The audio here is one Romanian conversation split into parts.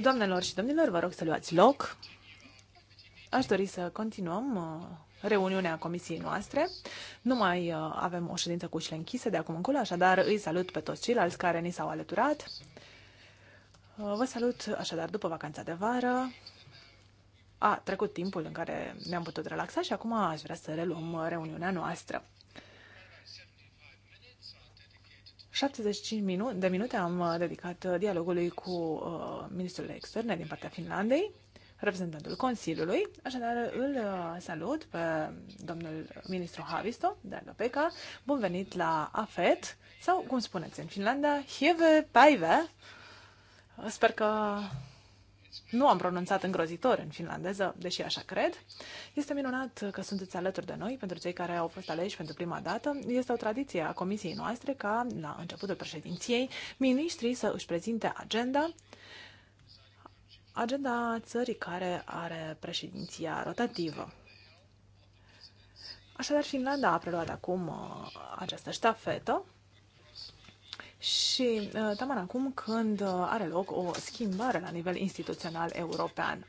Doamnelor și domnilor, vă rog să luați loc. Aș dori să continuăm uh, reuniunea comisiei noastre. Nu mai uh, avem o ședință cu ușile închise de acum încolo, așadar îi salut pe toți ceilalți care ni s-au alăturat. Uh, vă salut așadar după vacanța de vară. A trecut timpul în care ne-am putut relaxa și acum aș vrea să reluăm reuniunea noastră. 75 de minute am uh, dedicat uh, dialogului cu uh, ministrul externe din partea Finlandei, reprezentantul Consiliului. Așadar, îl salut pe domnul ministru Havisto, Darga Peca. Bun venit la AFET, sau cum spuneți în Finlanda, Hieve Paive. Sper că nu am pronunțat îngrozitor în finlandeză, deși așa cred. Este minunat că sunteți alături de noi pentru cei care au fost aleși pentru prima dată. Este o tradiție a comisiei noastre ca, la începutul președinției, miniștrii să își prezinte agenda agenda țării care are președinția rotativă. Așadar, Finlanda a preluat acum uh, această ștafetă și uh, taman acum când uh, are loc o schimbare la nivel instituțional european.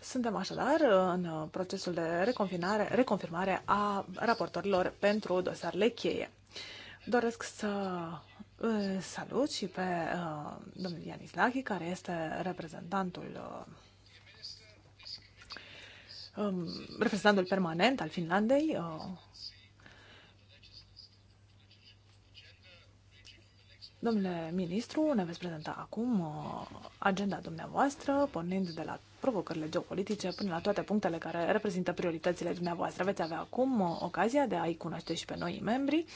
Suntem așadar uh, în procesul de reconfirmare, reconfirmare a raportorilor pentru dosarele cheie. Doresc să salut și pe domnul Ianis Lachi, care este reprezentantul um, reprezentantul permanent al Finlandei Domnule ministru, ne veți prezenta acum uh, agenda dumneavoastră, pornind de la provocările geopolitice până la toate punctele care reprezintă prioritățile dumneavoastră. Veți avea acum uh, ocazia de a-i cunoaște și pe noi membri. Uh,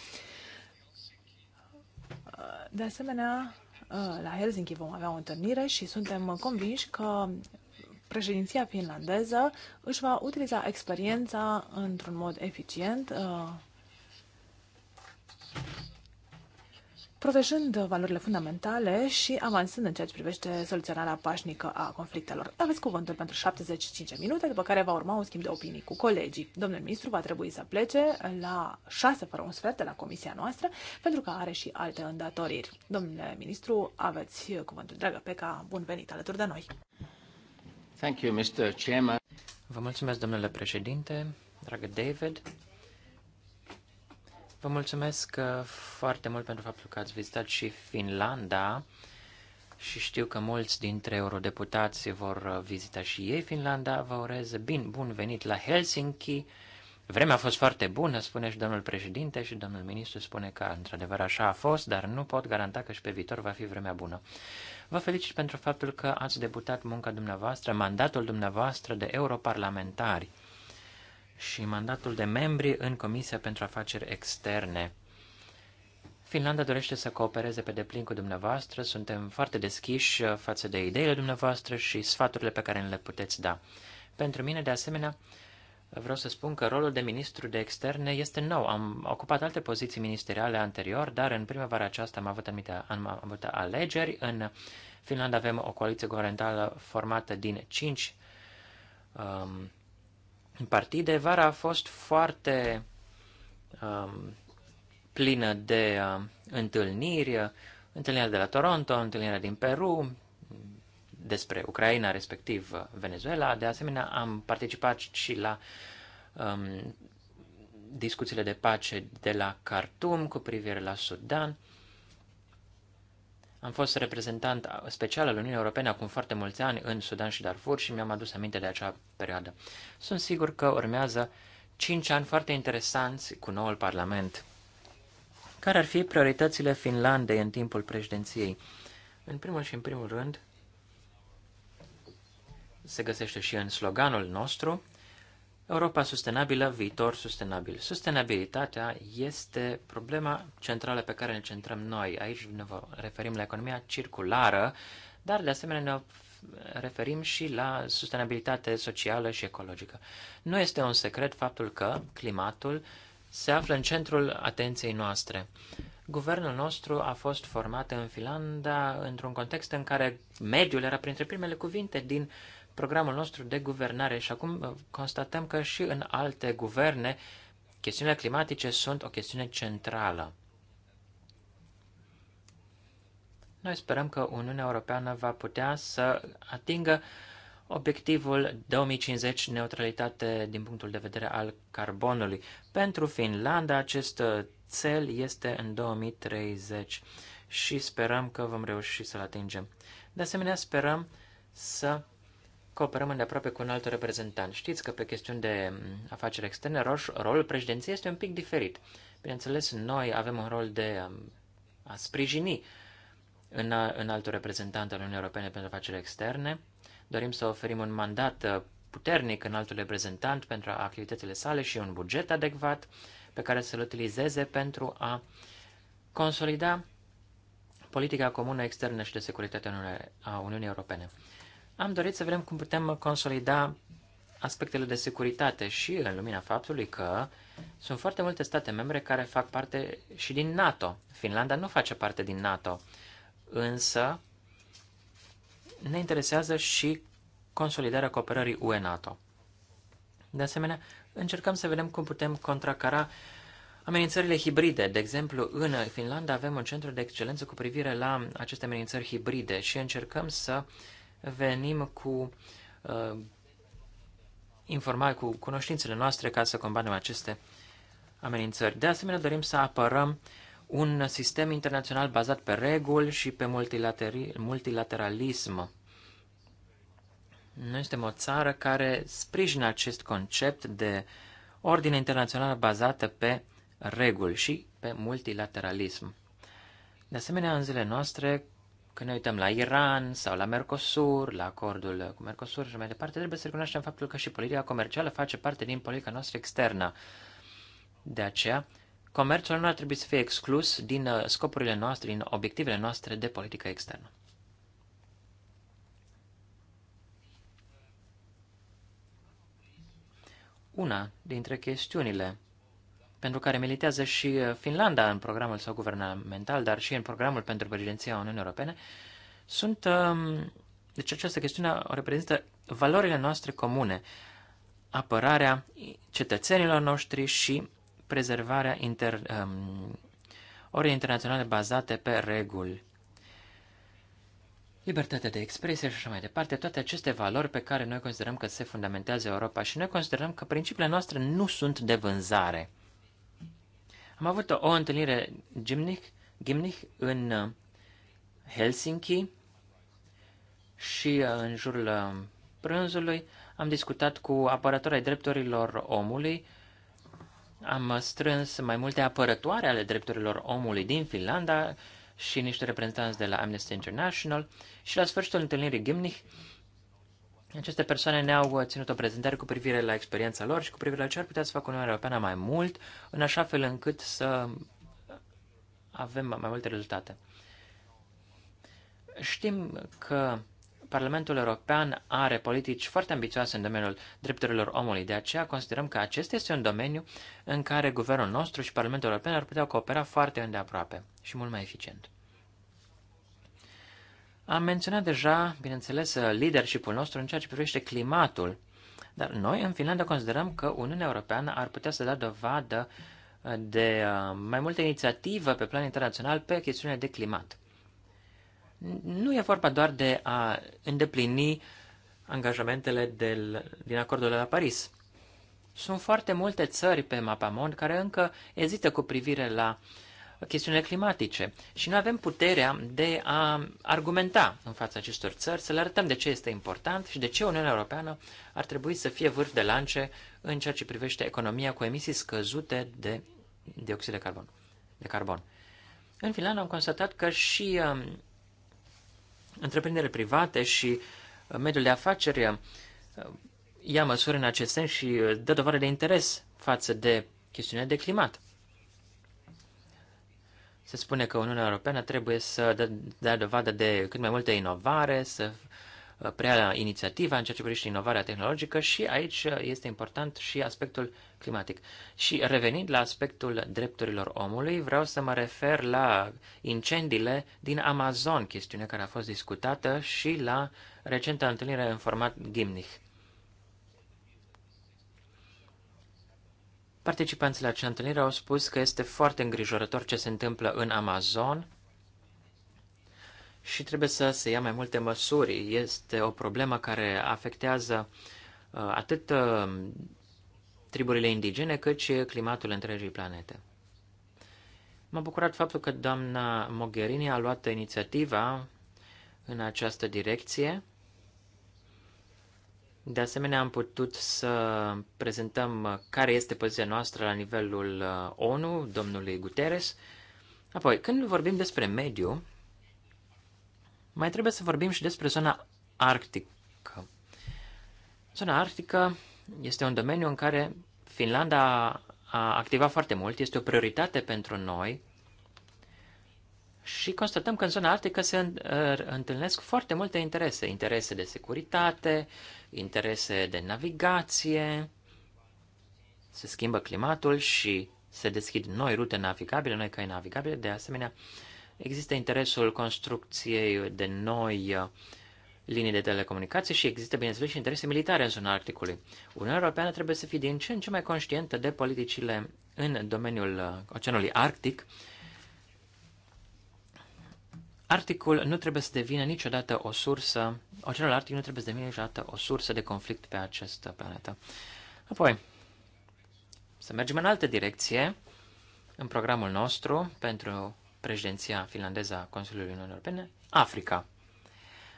de asemenea, la Helsinki vom avea o întâlnire și suntem convinși că președinția finlandeză își va utiliza experiența într-un mod eficient protejând valorile fundamentale și avansând în ceea ce privește soluționarea pașnică a conflictelor. Aveți cuvântul pentru 75 minute, după care va urma un schimb de opinii cu colegii. Domnul ministru va trebui să plece la 6 fără un sfert de la comisia noastră, pentru că are și alte îndatoriri. Domnule ministru, aveți cuvântul. Dragă Peca, bun venit alături de noi. Thank you, Mr. Chairman. Vă mulțumesc, domnule președinte, dragă David, Vă mulțumesc uh, foarte mult pentru faptul că ați vizitat și Finlanda și știu că mulți dintre eurodeputați vor uh, vizita și ei Finlanda. Vă urez bin, bun venit la Helsinki. Vremea a fost foarte bună, spune și domnul președinte și domnul ministru spune că într-adevăr așa a fost, dar nu pot garanta că și pe viitor va fi vremea bună. Vă felicit pentru faptul că ați debutat munca dumneavoastră, mandatul dumneavoastră de europarlamentari și mandatul de membri în Comisia pentru Afaceri Externe. Finlanda dorește să coopereze pe deplin cu dumneavoastră, suntem foarte deschiși uh, față de ideile dumneavoastră și sfaturile pe care le puteți da. Pentru mine, de asemenea, vreau să spun că rolul de ministru de externe este nou. Am ocupat alte poziții ministeriale anterior, dar în primăvara aceasta am avut anumite am avut alegeri. În Finlanda avem o coaliție guvernamentală formată din cinci um, partide, vara a fost foarte um, plină de uh, întâlniri, întâlnirea de la Toronto, întâlnirea din Peru, despre Ucraina, respectiv uh, Venezuela. De asemenea, am participat și la um, discuțiile de pace de la Khartoum cu privire la Sudan. Am fost reprezentant special al Uniunii Europene acum foarte mulți ani în Sudan și Darfur și mi-am adus aminte de acea perioadă. Sunt sigur că urmează cinci ani foarte interesanți cu noul Parlament. Care ar fi prioritățile Finlandei în timpul președinției? În primul și în primul rând, se găsește și în sloganul nostru, Europa sustenabilă, viitor sustenabil. Sustenabilitatea este problema centrală pe care ne centrăm noi. Aici ne referim la economia circulară, dar de asemenea ne referim și la sustenabilitate socială și ecologică. Nu este un secret faptul că climatul se află în centrul atenției noastre. Guvernul nostru a fost format în Finlanda într-un context în care mediul era printre primele cuvinte din programul nostru de guvernare și acum uh, constatăm că și în alte guverne chestiunile climatice sunt o chestiune centrală. Noi sperăm că Uniunea Europeană va putea să atingă obiectivul 2050 neutralitate din punctul de vedere al carbonului. Pentru Finlanda acest uh, cel este în 2030 și sperăm că vom reuși să-l atingem. De asemenea, sperăm să cooperăm îndeaproape cu un alt reprezentant. Știți că pe chestiuni de afaceri externe, rolul președinției este un pic diferit. Bineînțeles, noi avem un rol de a sprijini în, în altul reprezentant al Uniunii Europene pentru afaceri externe. Dorim să oferim un mandat uh, puternic în altul reprezentant pentru activitățile sale și un buget adecvat pe care să-l utilizeze pentru a consolida politica comună externă și de securitate a Uniunii Europene am dorit să vedem cum putem consolida aspectele de securitate și în lumina faptului că sunt foarte multe state membre care fac parte și din NATO. Finlanda nu face parte din NATO, însă ne interesează și consolidarea cooperării UE-NATO. De asemenea, încercăm să vedem cum putem contracara amenințările hibride. De exemplu, în Finlanda avem un centru de excelență cu privire la aceste amenințări hibride și încercăm să uh, venim cu uh, informații, cu cunoștințele noastre ca să combatem aceste amenințări. De asemenea, dorim să apărăm un sistem internațional bazat pe reguli și pe multilateralism. Noi suntem o țară care sprijină acest concept de ordine internațională bazată pe reguli și pe multilateralism. De asemenea, în zilele noastre când ne uităm la Iran sau la Mercosur, la acordul cu Mercosur și mai departe, trebuie să recunoaștem faptul că și politica comercială face parte din politica noastră externă. De aceea, comerțul nu ar trebui să fie exclus din uh, scopurile noastre, din obiectivele noastre de politică externă. Una dintre chestiunile pentru care militează și uh, Finlanda în programul său guvernamental, dar și în programul pentru președinția Uniunii Europene, sunt. Um, deci această chestiune reprezintă valorile noastre comune, apărarea cetățenilor noștri și prezervarea inter, um, ori internaționale bazate pe reguli. Libertatea de expresie și așa mai departe, toate aceste valori pe care noi considerăm că se fundamentează Europa și noi considerăm că principiile noastre nu sunt de vânzare – am avut o întâlnire gimnic, gimnic în uh, Helsinki și uh, în jurul uh, prânzului am discutat cu apărători ai drepturilor omului, am strâns mai multe apărătoare ale drepturilor omului din Finlanda și niște reprezentanți de la Amnesty International și la sfârșitul întâlnirii Gimnich aceste persoane ne-au ținut o prezentare cu privire la experiența lor și cu privire la ce ar putea să facă Uniunea Europeană mai mult, în așa fel încât să avem mai multe rezultate. Știm că Parlamentul European are politici foarte ambițioase în domeniul drepturilor omului, de aceea considerăm că acesta este un domeniu în care guvernul nostru și Parlamentul European ar putea coopera foarte îndeaproape și mult mai eficient. Am menționat deja, bineînțeles, leadership-ul nostru în ceea ce privește climatul, dar noi în Finlanda considerăm că Uniunea Europeană ar putea să dea dovadă uh, de uh, mai multă inițiativă pe plan internațional pe chestiunea de climat. Nu e vorba doar de a îndeplini angajamentele del, din acordul de la Paris. Sunt foarte multe țări pe mapamond care încă ezită cu privire la uh, chestiunile climatice și nu avem puterea de a argumenta în fața acestor țări, să le arătăm de ce este important și de ce Uniunea Europeană ar trebui să fie vârf de lance în ceea ce privește economia cu emisii scăzute de dioxid de carbon. De carbon. În Finlanda am constatat că și um, întreprinderile private și uh, mediul de afaceri um, ia măsuri în acest sens și uh, dă dovadă de interes față de chestiunea de climat. Se spune că Uniunea Europeană trebuie să dea dovadă de cât mai multă inovare, să preia inițiativa în ceea ce privește inovarea tehnologică și aici este important și aspectul climatic. Și revenind la aspectul drepturilor omului, vreau să mă refer la incendiile din Amazon, chestiune care a fost discutată și la recenta întâlnire în format Gimnich. Participanții la acea întâlnire au spus că este foarte îngrijorător ce se întâmplă în Amazon și trebuie să se ia mai multe măsuri. Este o problemă care afectează uh, atât uh, triburile indigene, cât și climatul întregii planete. M-a bucurat faptul că doamna Mogherini a luat inițiativa în această direcție de asemenea, am putut să prezentăm care este poziția noastră la nivelul uh, ONU, domnului Guterres. Apoi, când vorbim despre mediu, mai trebuie să vorbim și despre zona arctică. Zona arctică este un domeniu în care Finlanda a activat foarte mult, este o prioritate pentru noi și constatăm că în zona arctică se uh, întâlnesc foarte multe interese. Interese de securitate, interese de navigație, se schimbă climatul și se deschid noi rute navigabile, noi căi navigabile. De asemenea, există interesul construcției de noi uh, linii de telecomunicații și există, bineînțeles, și interese militare în zona Arcticului. Uniunea Europeană trebuie să fie din ce în ce mai conștientă de politicile în domeniul uh, Oceanului Arctic Articul nu trebuie să devină niciodată o sursă, o celălalt articol nu trebuie să devină niciodată o sursă de conflict pe această planetă. Apoi, să mergem în altă direcție, în programul nostru pentru președinția finlandeză a Consiliului Uniunii Europene, Africa.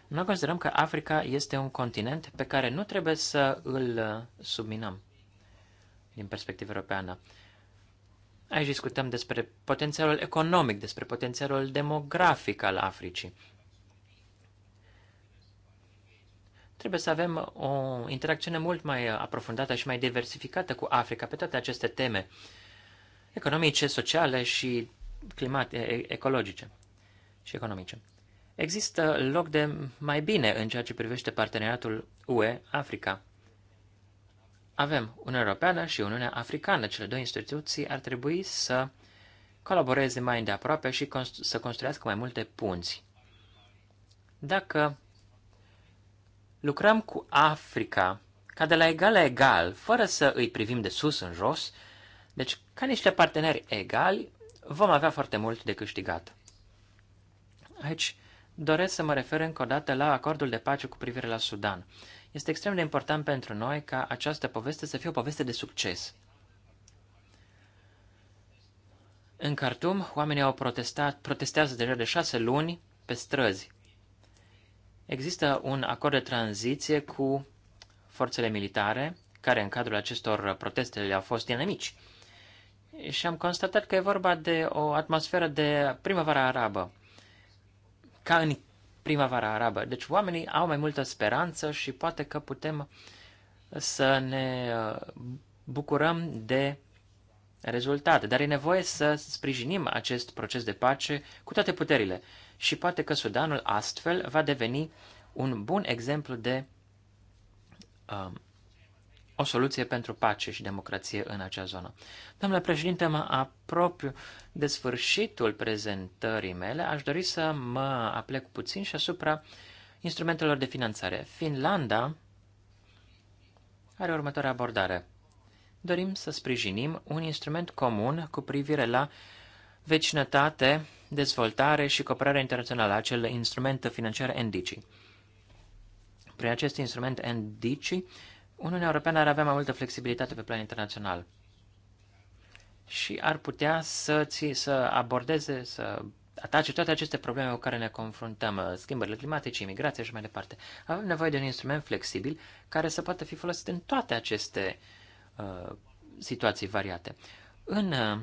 Noi considerăm că Africa este un continent pe care nu trebuie să îl subminăm din perspectivă europeană. Aici discutăm despre potențialul economic, despre potențialul demografic al Africii. Trebuie să avem o interacțiune mult mai aprofundată și mai diversificată cu Africa pe toate aceste teme economice, sociale și climate, ecologice și economice. Există loc de mai bine în ceea ce privește parteneriatul UE-Africa avem Uniunea Europeană și Uniunea Africană. Cele două instituții ar trebui să colaboreze mai îndeaproape și constru- să construiască mai multe punți. Dacă lucrăm cu Africa ca de la egal la egal, fără să îi privim de sus în jos, deci ca niște parteneri egali, vom avea foarte mult de câștigat. Aici doresc să mă refer încă o dată la acordul de pace cu privire la Sudan. Este extrem de important pentru noi ca această poveste să fie o poveste de succes. În Khartoum, oamenii au protestat, protestează deja de șase luni pe străzi. Există un acord de tranziție cu forțele militare, care în cadrul acestor proteste le-au fost inamici. Și am constatat că e vorba de o atmosferă de primăvară arabă. Ca în primăvara arabă. Deci oamenii au mai multă speranță și poate că putem să ne uh, bucurăm de rezultate, dar e nevoie să sprijinim acest proces de pace cu toate puterile și poate că Sudanul astfel va deveni un bun exemplu de um, o soluție pentru pace și democrație în acea zonă. Domnule președinte, mă apropiu de sfârșitul prezentării mele. Aș dori să mă aplec puțin și asupra instrumentelor de finanțare. Finlanda are următoarea abordare. Dorim să sprijinim un instrument comun cu privire la vecinătate, dezvoltare și cooperare internațională, acel instrument financiar NDC. Prin acest instrument NDC Uniunea Europeană ar avea mai multă flexibilitate pe plan internațional și ar putea să, ții, să abordeze, să atace toate aceste probleme cu care ne confruntăm, uh, schimbările climatice, imigrația și mai departe. Avem nevoie de un instrument flexibil care să poată fi folosit în toate aceste uh, situații variate. În uh,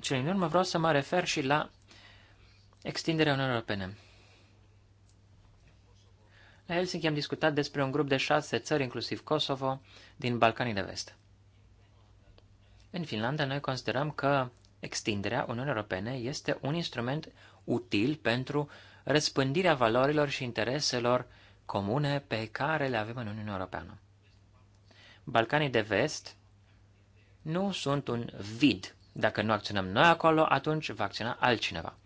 cele din urmă vreau să mă refer și la extinderea Uniunii Europene. La Helsinki am discutat despre un grup de șase țări, inclusiv Kosovo, din Balcanii de Vest. În Finlanda, noi considerăm că extinderea Uniunii Europene este un instrument util pentru răspândirea valorilor și intereselor comune pe care le avem în Uniunea Europeană. Balcanii de Vest nu sunt un vid. Dacă nu acționăm noi acolo, atunci va acționa altcineva.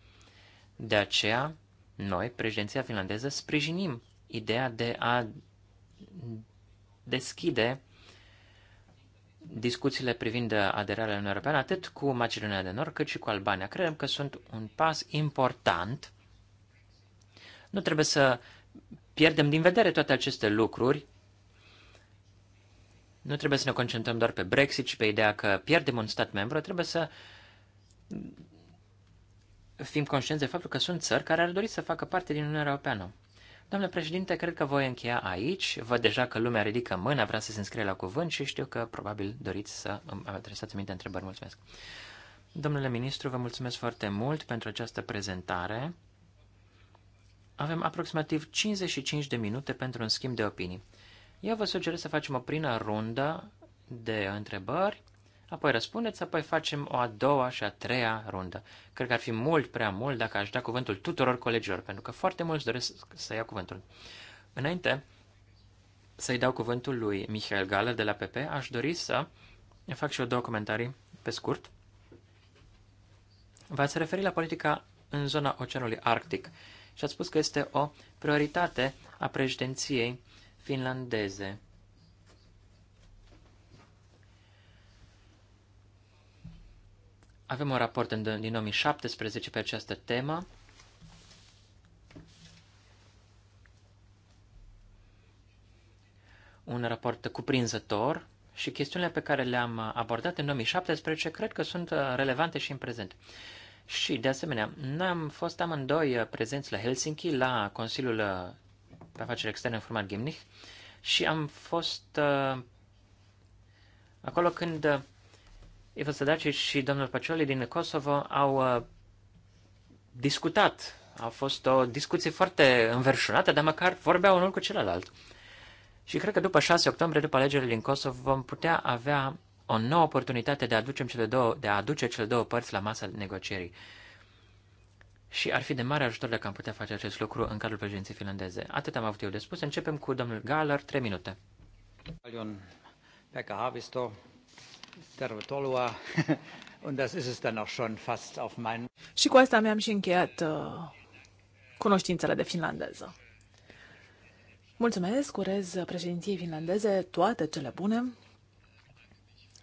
De aceea, noi, președinția finlandeză, sprijinim ideea de a deschide discuțiile privind aderarea la Uniunea Europeană, atât cu Macedonia de Nord, cât și cu Albania. Credem că sunt un pas important. Nu trebuie să pierdem din vedere toate aceste lucruri. Nu trebuie să ne concentrăm doar pe Brexit și pe ideea că pierdem un stat membru. Trebuie să fim conștienți de faptul că sunt țări care ar dori să facă parte din Uniunea Europeană. Domnule președinte, cred că voi încheia aici. Văd deja că lumea ridică mâna, vrea să se înscrie la cuvânt și știu că probabil doriți să îmi adresați minte întrebări. Mulțumesc. Domnule ministru, vă mulțumesc foarte mult pentru această prezentare. Avem aproximativ 55 de minute pentru un schimb de opinii. Eu vă sugerez să facem o primă rundă de întrebări apoi răspundeți, apoi facem o a doua și a treia rundă. Cred că ar fi mult prea mult dacă aș da cuvântul tuturor colegilor, pentru că foarte mulți doresc să ia cuvântul. Înainte să-i dau cuvântul lui Michael Galer de la PP, aș dori să fac și eu două comentarii pe scurt. V-ați referit la politica în zona Oceanului Arctic și ați spus că este o prioritate a președinției finlandeze Avem un raport din 2017 pe această temă. Un raport cuprinzător și chestiunile pe care le-am abordat în 2017 cred că sunt uh, relevante și în prezent. Și, de asemenea, noi am fost amândoi uh, prezenți la Helsinki, la Consiliul uh, pe afaceri externe în format Gimnich și am fost acolo când Ivo Sadacic și domnul Pacioli din Kosovo au uh, discutat. A fost o discuție foarte înverșunată, dar măcar vorbeau unul cu celălalt. Și cred că după 6 octombrie, după alegerile din Kosovo, vom putea avea o nouă oportunitate de a, aducem cele două, de a aduce cele două părți la masa negocierii. Și ar fi de mare ajutor dacă am putea face acest lucru în cadrul președinției finlandeze. Atât am avut eu de spus. Începem cu domnul Galler, 3 minute. Pekka Haavisto, Și cu asta mi-am și încheiat uh, cunoștințele de finlandeză. Mulțumesc, urez președinției finlandeze toate cele bune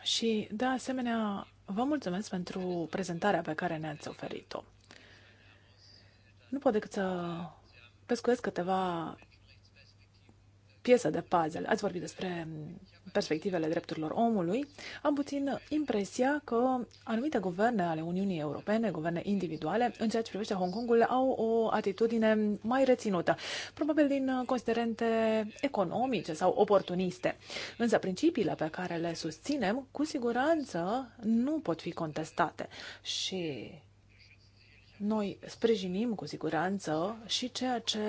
și, de asemenea, vă mulțumesc pentru prezentarea pe care ne-ați oferit-o. Nu pot decât să pescuiesc câteva piese de puzzle. Ați vorbit despre perspectivele drepturilor omului, am puțin impresia că anumite guverne ale Uniunii Europene, guverne individuale, în ceea ce privește Hong Kongul, au o atitudine mai reținută, probabil din considerente economice sau oportuniste. Însă principiile pe care le susținem, cu siguranță, nu pot fi contestate și noi sprijinim cu siguranță și ceea ce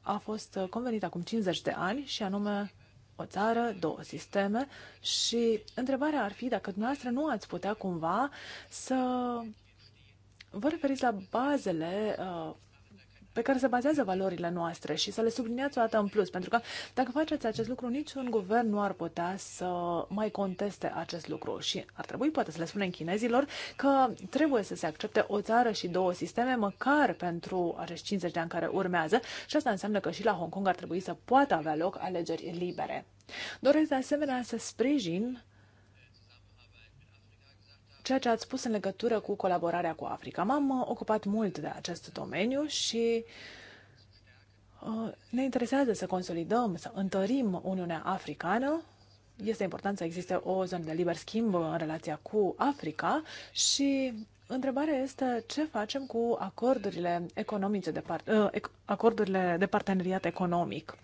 a fost convenit acum 50 de ani și anume o țară, două sisteme și întrebarea ar fi dacă dumneavoastră nu ați putea cumva să vă referiți la bazele uh, pe care se bazează valorile noastre și să le subliniați o dată în plus, pentru că dacă faceți acest lucru, niciun guvern nu ar putea să mai conteste acest lucru și ar trebui poate să le spunem chinezilor că trebuie să se accepte o țară și două sisteme, măcar pentru acești 50 de ani care urmează și asta înseamnă că și la Hong Kong ar trebui să poată avea loc alegeri libere. Doresc de asemenea să sprijin ceea ce ați spus în legătură cu colaborarea cu Africa. M-am uh, ocupat mult de acest domeniu și uh, ne interesează să consolidăm, să întărim Uniunea Africană. Este important să existe o zonă de liber schimb în relația cu Africa și întrebarea este ce facem cu acordurile economice de part, uh, acordurile de parteneriat economic.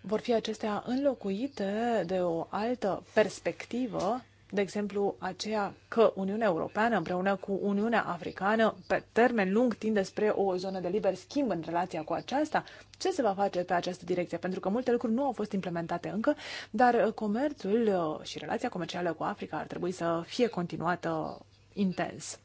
Vor fi acestea înlocuite de o altă perspectivă de exemplu, aceea că Uniunea Europeană împreună cu Uniunea Africană pe termen lung tinde spre o zonă de liber schimb în relația cu aceasta, ce se va face pe această direcție? Pentru că multe lucruri nu au fost implementate încă, dar uh, comerțul uh, și relația comercială cu Africa ar trebui să fie continuată intens.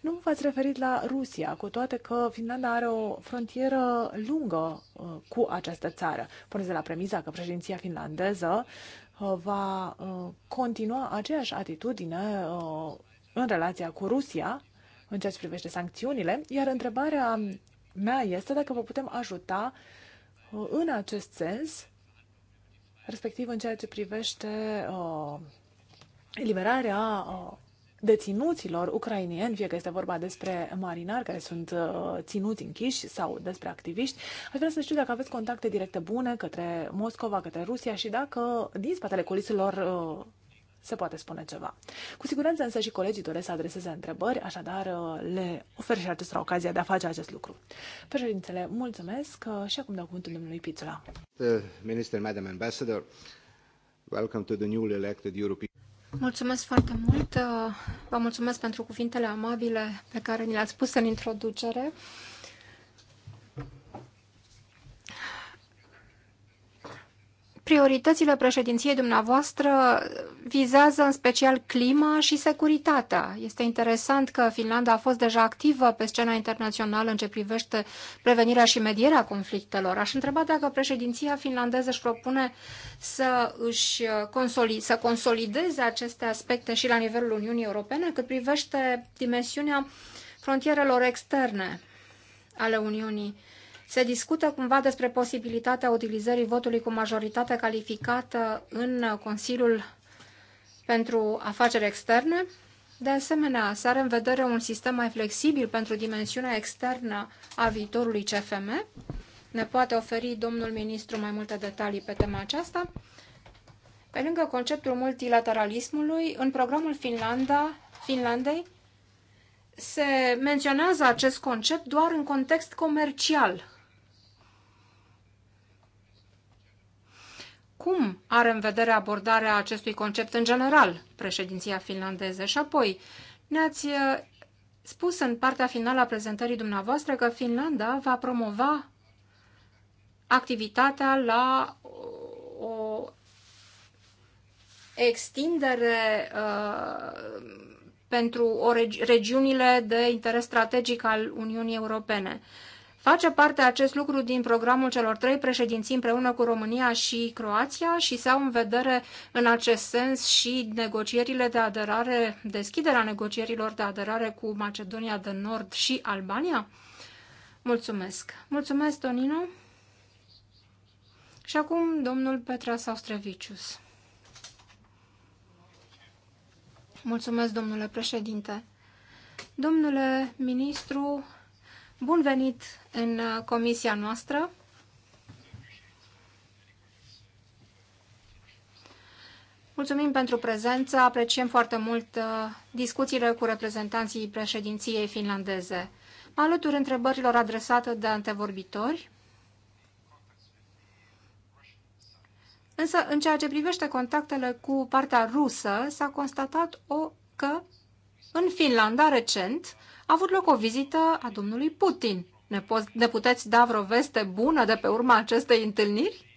Nu v-ați referit la Rusia, cu toate că Finlanda are o frontieră lungă uh, cu această țară. Puneți de la premiza că președinția finlandeză Uh, va uh, continua aceeași atitudine uh, în relația cu Rusia în ceea ce privește sancțiunile, iar întrebarea mea este dacă vă putem ajuta în acest sens, respectiv în ceea ce privește eliberarea deținuților ucrainieni, fie că este vorba despre marinari care sunt uh, ținuți închiși sau despre activiști. Aș vrea să știu dacă aveți contacte directe bune către Moscova, către Rusia și dacă din spatele culiselor uh, se poate spune ceva. Cu siguranță însă și colegii doresc să adreseze întrebări, așadar uh, le ofer și acestora ocazia de a face acest lucru. Președintele, mulțumesc și acum dau cuvântul domnului Pițula. Minister, Madam Ambassador, welcome to the newly elected European Mulțumesc foarte mult. Vă mulțumesc pentru cuvintele amabile pe care ni le-ați spus în introducere. Prioritățile președinției dumneavoastră vizează în special clima și securitatea. Este interesant că Finlanda a fost deja activă pe scena internațională în ce privește prevenirea și medierea conflictelor. Aș întreba dacă președinția finlandeză își propune să, își consoli, să consolideze aceste aspecte și la nivelul Uniunii Europene cât privește dimensiunea frontierelor externe ale Uniunii se discută cumva despre posibilitatea utilizării votului cu majoritate calificată în Consiliul pentru Afaceri Externe. De asemenea, se are în vedere un sistem mai flexibil pentru dimensiunea externă a viitorului CFM. Ne poate oferi domnul ministru mai multe detalii pe tema aceasta. Pe lângă conceptul multilateralismului, în programul Finlanda, Finlandei se menționează acest concept doar în context comercial. cum are în vedere abordarea acestui concept în general președinția finlandeză și apoi ne-ați eh, spus în partea finală a prezentării dumneavoastră că Finlanda va promova activitatea la o extindere uh, pentru o regi regiunile de interes strategic al Uniunii Europene. Uh, Face parte acest lucru din programul celor trei președinții împreună cu România și Croația și se au în vedere în acest sens și negocierile de aderare, deschiderea negocierilor de aderare cu Macedonia de Nord și Albania? Mulțumesc! Mulțumesc, Tonino! Și acum domnul Petra Saustrevicius. Mulțumesc, domnule președinte. Domnule ministru, Bun venit în uh, comisia noastră. Mulțumim pentru prezență, apreciem foarte mult uh, discuțiile cu reprezentanții președinției finlandeze. Mă alătur întrebărilor adresate de antevorbitori, însă în ceea ce privește contactele cu partea rusă, s-a constatat o, că în Finlanda, recent, a avut loc o vizită a domnului Putin. Ne, po- ne puteți da vreo veste bună de pe urma acestei întâlniri?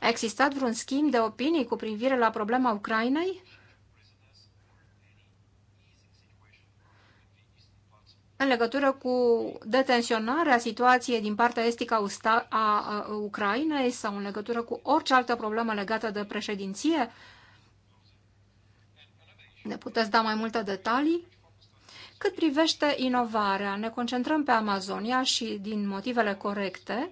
A existat vreun schimb de opinii cu privire la problema Ucrainei? În legătură cu detenționarea situației din partea estică a Ucrainei sau în legătură cu orice altă problemă legată de președinție, ne puteți da mai multe detalii? Cât privește inovarea, ne concentrăm pe Amazonia și din motivele corecte,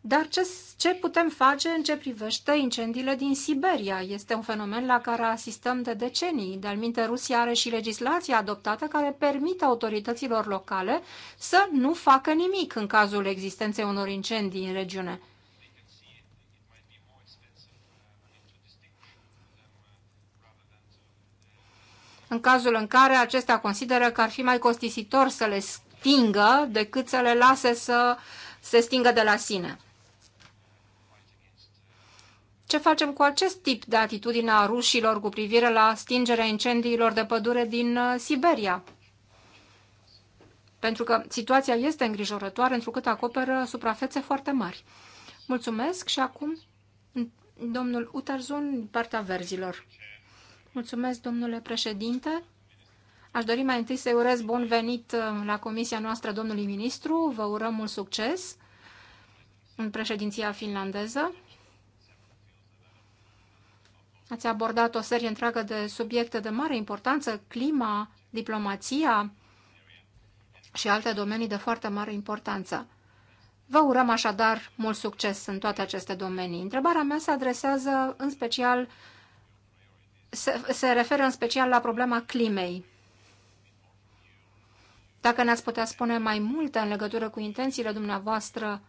dar ce, ce putem face în ce privește incendiile din Siberia? Este un fenomen la care asistăm de decenii. De-al minte, Rusia are și legislația adoptată care permite autorităților locale să nu facă nimic în cazul existenței unor incendii în regiune. în cazul în care acestea consideră că ar fi mai costisitor să le stingă decât să le lase să se stingă de la sine. Ce facem cu acest tip de atitudine a rușilor cu privire la stingerea incendiilor de pădure din uh, Siberia? Pentru că situația este îngrijorătoare, întrucât acoperă suprafețe foarte mari. Mulțumesc și acum domnul Utarzun, partea verzilor. Mulțumesc, domnule președinte. Aș dori mai întâi să-i urez bun venit uh, la comisia noastră domnului ministru. Vă urăm mult succes în președinția finlandeză. Ați abordat o serie întreagă de subiecte de mare importanță, clima, diplomația și alte domenii de foarte mare importanță. Vă urăm așadar mult succes în toate aceste domenii. Întrebarea mea se adresează în special se, se referă în special la problema climei. Dacă ne-ați putea spune mai multe în legătură cu intențiile dumneavoastră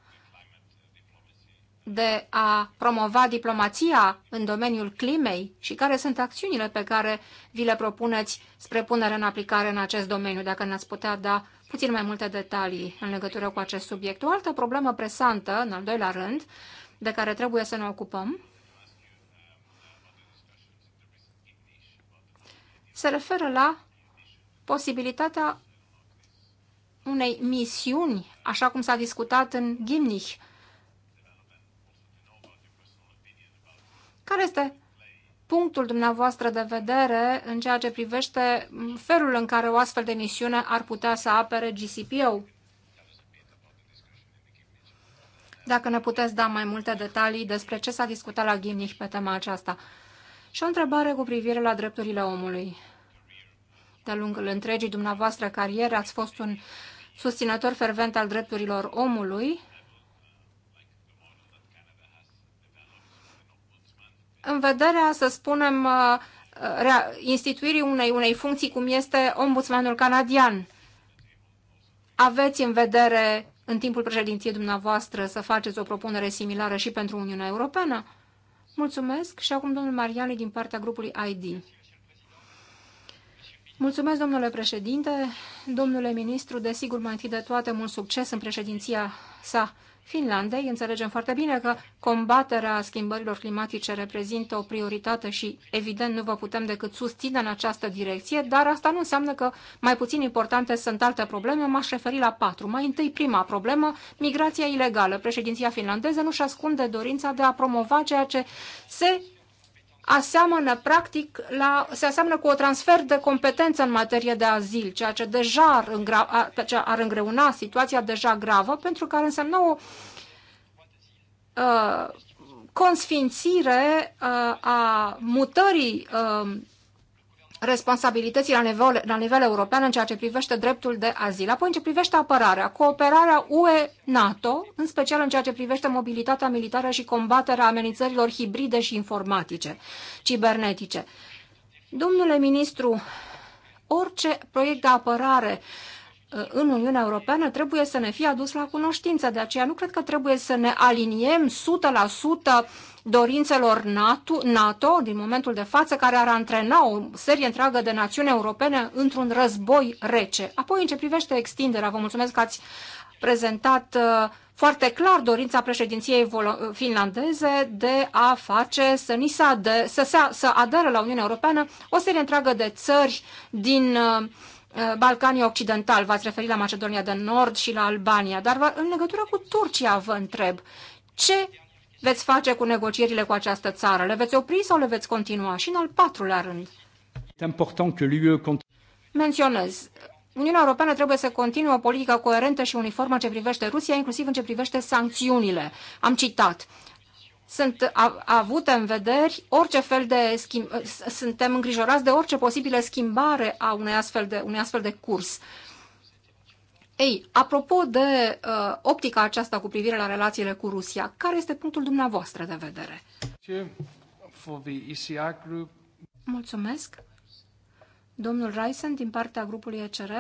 de a promova diplomația în domeniul climei și care sunt acțiunile pe care vi le propuneți spre punere în aplicare în acest domeniu, dacă ne-ați putea da puțin mai multe detalii în legătură cu acest subiect. O altă problemă presantă, în al doilea rând, de care trebuie să ne ocupăm, se referă la posibilitatea unei misiuni, așa cum s-a discutat în Gimnich. Care este punctul dumneavoastră de vedere în ceea ce privește felul în care o astfel de misiune ar putea să apere GCPO? Dacă ne puteți da mai multe detalii despre ce s-a discutat la Gimnich pe tema aceasta. Și o întrebare cu privire la drepturile omului. De-a lungul întregii dumneavoastră cariere ați fost un susținător fervent al drepturilor omului. În vederea, să spunem, uh, instituirii unei, unei funcții cum este ombudsmanul canadian. Aveți în vedere, în timpul președinției dumneavoastră, să faceți o propunere similară și pentru Uniunea Europeană? Mulțumesc și acum domnul Mariani din partea grupului ID. Mulțumesc, domnule președinte, domnule ministru, desigur, mai întâi de toate, mult succes în președinția sa Finlandei, înțelegem foarte bine că combaterea schimbărilor climatice reprezintă o prioritate și, evident, nu vă putem decât susține în această direcție, dar asta nu înseamnă că mai puțin importante sunt alte probleme. M-aș referi la patru. Mai întâi, prima problemă, migrația ilegală. Președinția finlandeză nu-și ascunde dorința de a promova ceea ce se aseamănă practic la, se aseamănă cu o transfer de competență în materie de azil, ceea ce deja ar, îngra, ce ar îngreuna situația deja gravă, pentru că ar însemna o uh, consfințire uh, a mutării uh, responsabilității la nivel, la nivel european în ceea ce privește dreptul de azil. Apoi, în ce privește apărarea, cooperarea UE-NATO, în special în ceea ce privește mobilitatea militară și combaterea amenințărilor hibride și informatice, cibernetice. Domnule ministru, orice proiect de apărare uh, în Uniunea Europeană trebuie să ne fie adus la cunoștință. De aceea nu cred că trebuie să ne aliniem 100% dorințelor NATO, NATO din momentul de față, care ar antrena o serie întreagă de națiuni europene într-un război rece. Apoi, în ce privește extinderea, vă mulțumesc că ați prezentat uh, foarte clar dorința președinției uh, finlandeze de a face să, ni se ade- să, se, să aderă la Uniunea Europeană o serie întreagă de țări din uh, Balcanii Occidental, v-ați referit la Macedonia de Nord și la Albania, dar în legătură cu Turcia vă întreb, ce veți face cu negocierile cu această țară? Le veți opri sau le veți continua? Și în al patrulea rând. Menționez, Uniunea Europeană trebuie să continue o politică coerentă și uniformă în ce privește Rusia, inclusiv în ce privește sancțiunile. Am citat. Sunt avute în vederi orice fel de schimb, suntem îngrijorați de orice posibilă schimbare a unei astfel de, unei astfel de curs. Uh, ei, apropo de uh, optica aceasta cu privire la relațiile cu Rusia, care este punctul dumneavoastră de vedere? Mulțumesc. Domnul Reisen, din partea grupului ECR.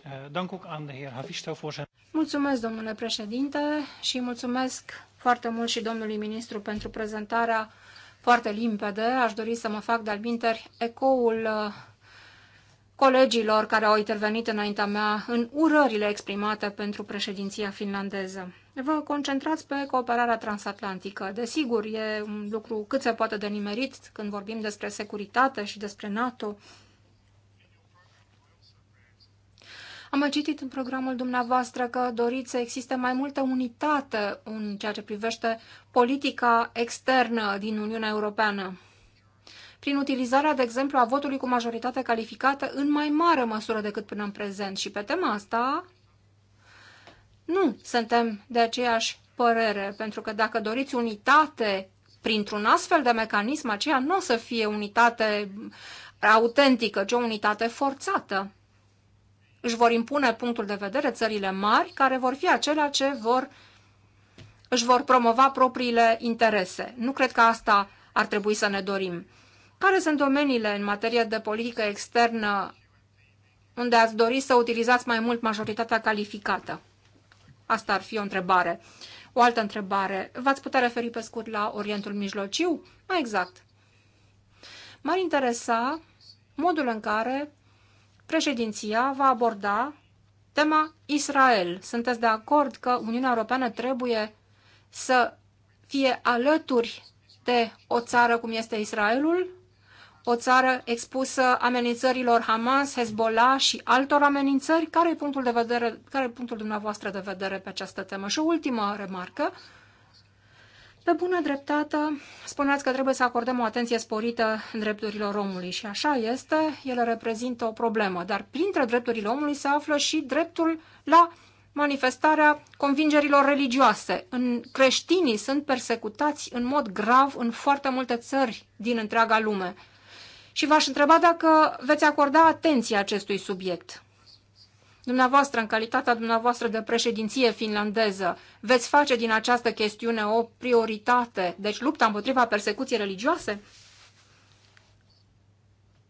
Eh, mulțumesc, domnule președinte, și mulțumesc foarte mult și domnului ministru pentru prezentarea foarte limpede. Aș dori să mă fac de-al ecoul uh, colegilor care au intervenit înaintea mea în urările exprimate pentru președinția finlandeză. Vă concentrați pe cooperarea transatlantică. Desigur, e un lucru cât se poate de nimerit când vorbim despre securitate și despre NATO. Am mai citit în programul dumneavoastră că doriți să existe mai multă unitate în ceea ce privește politica externă din Uniunea Europeană prin utilizarea, de exemplu, a votului cu majoritate calificată în mai mare măsură decât până în prezent. Și pe tema asta nu suntem de aceeași părere, pentru că dacă doriți unitate printr-un astfel de mecanism, aceea nu o să fie unitate autentică, ci o unitate forțată. Își vor impune punctul de vedere țările mari, care vor fi acelea ce vor, își vor promova propriile interese. Nu cred că asta ar trebui să ne dorim. Care sunt domeniile în materie de politică externă unde ați dori să utilizați mai mult majoritatea calificată? Asta ar fi o întrebare. O altă întrebare. V-ați putea referi pe scurt la Orientul Mijlociu? Mai exact. M-ar interesa modul în care președinția va aborda tema Israel. Sunteți de acord că Uniunea Europeană trebuie să fie alături de o țară cum este Israelul? o țară expusă amenințărilor Hamas, Hezbollah și altor amenințări? Care e punctul, de vedere, care e punctul dumneavoastră de vedere pe această temă? Și o ultimă remarcă. Pe bună dreptate, spuneați că trebuie să acordăm o atenție sporită drepturilor omului și așa este, ele reprezintă o problemă, dar printre drepturile omului se află și dreptul la manifestarea convingerilor religioase. În creștinii sunt persecutați în mod grav în foarte multe țări din întreaga lume și v-aș întreba dacă veți acorda atenție acestui subiect. Dumneavoastră, în calitatea dumneavoastră de președinție finlandeză, veți face din această chestiune o prioritate, deci lupta împotriva persecuției religioase?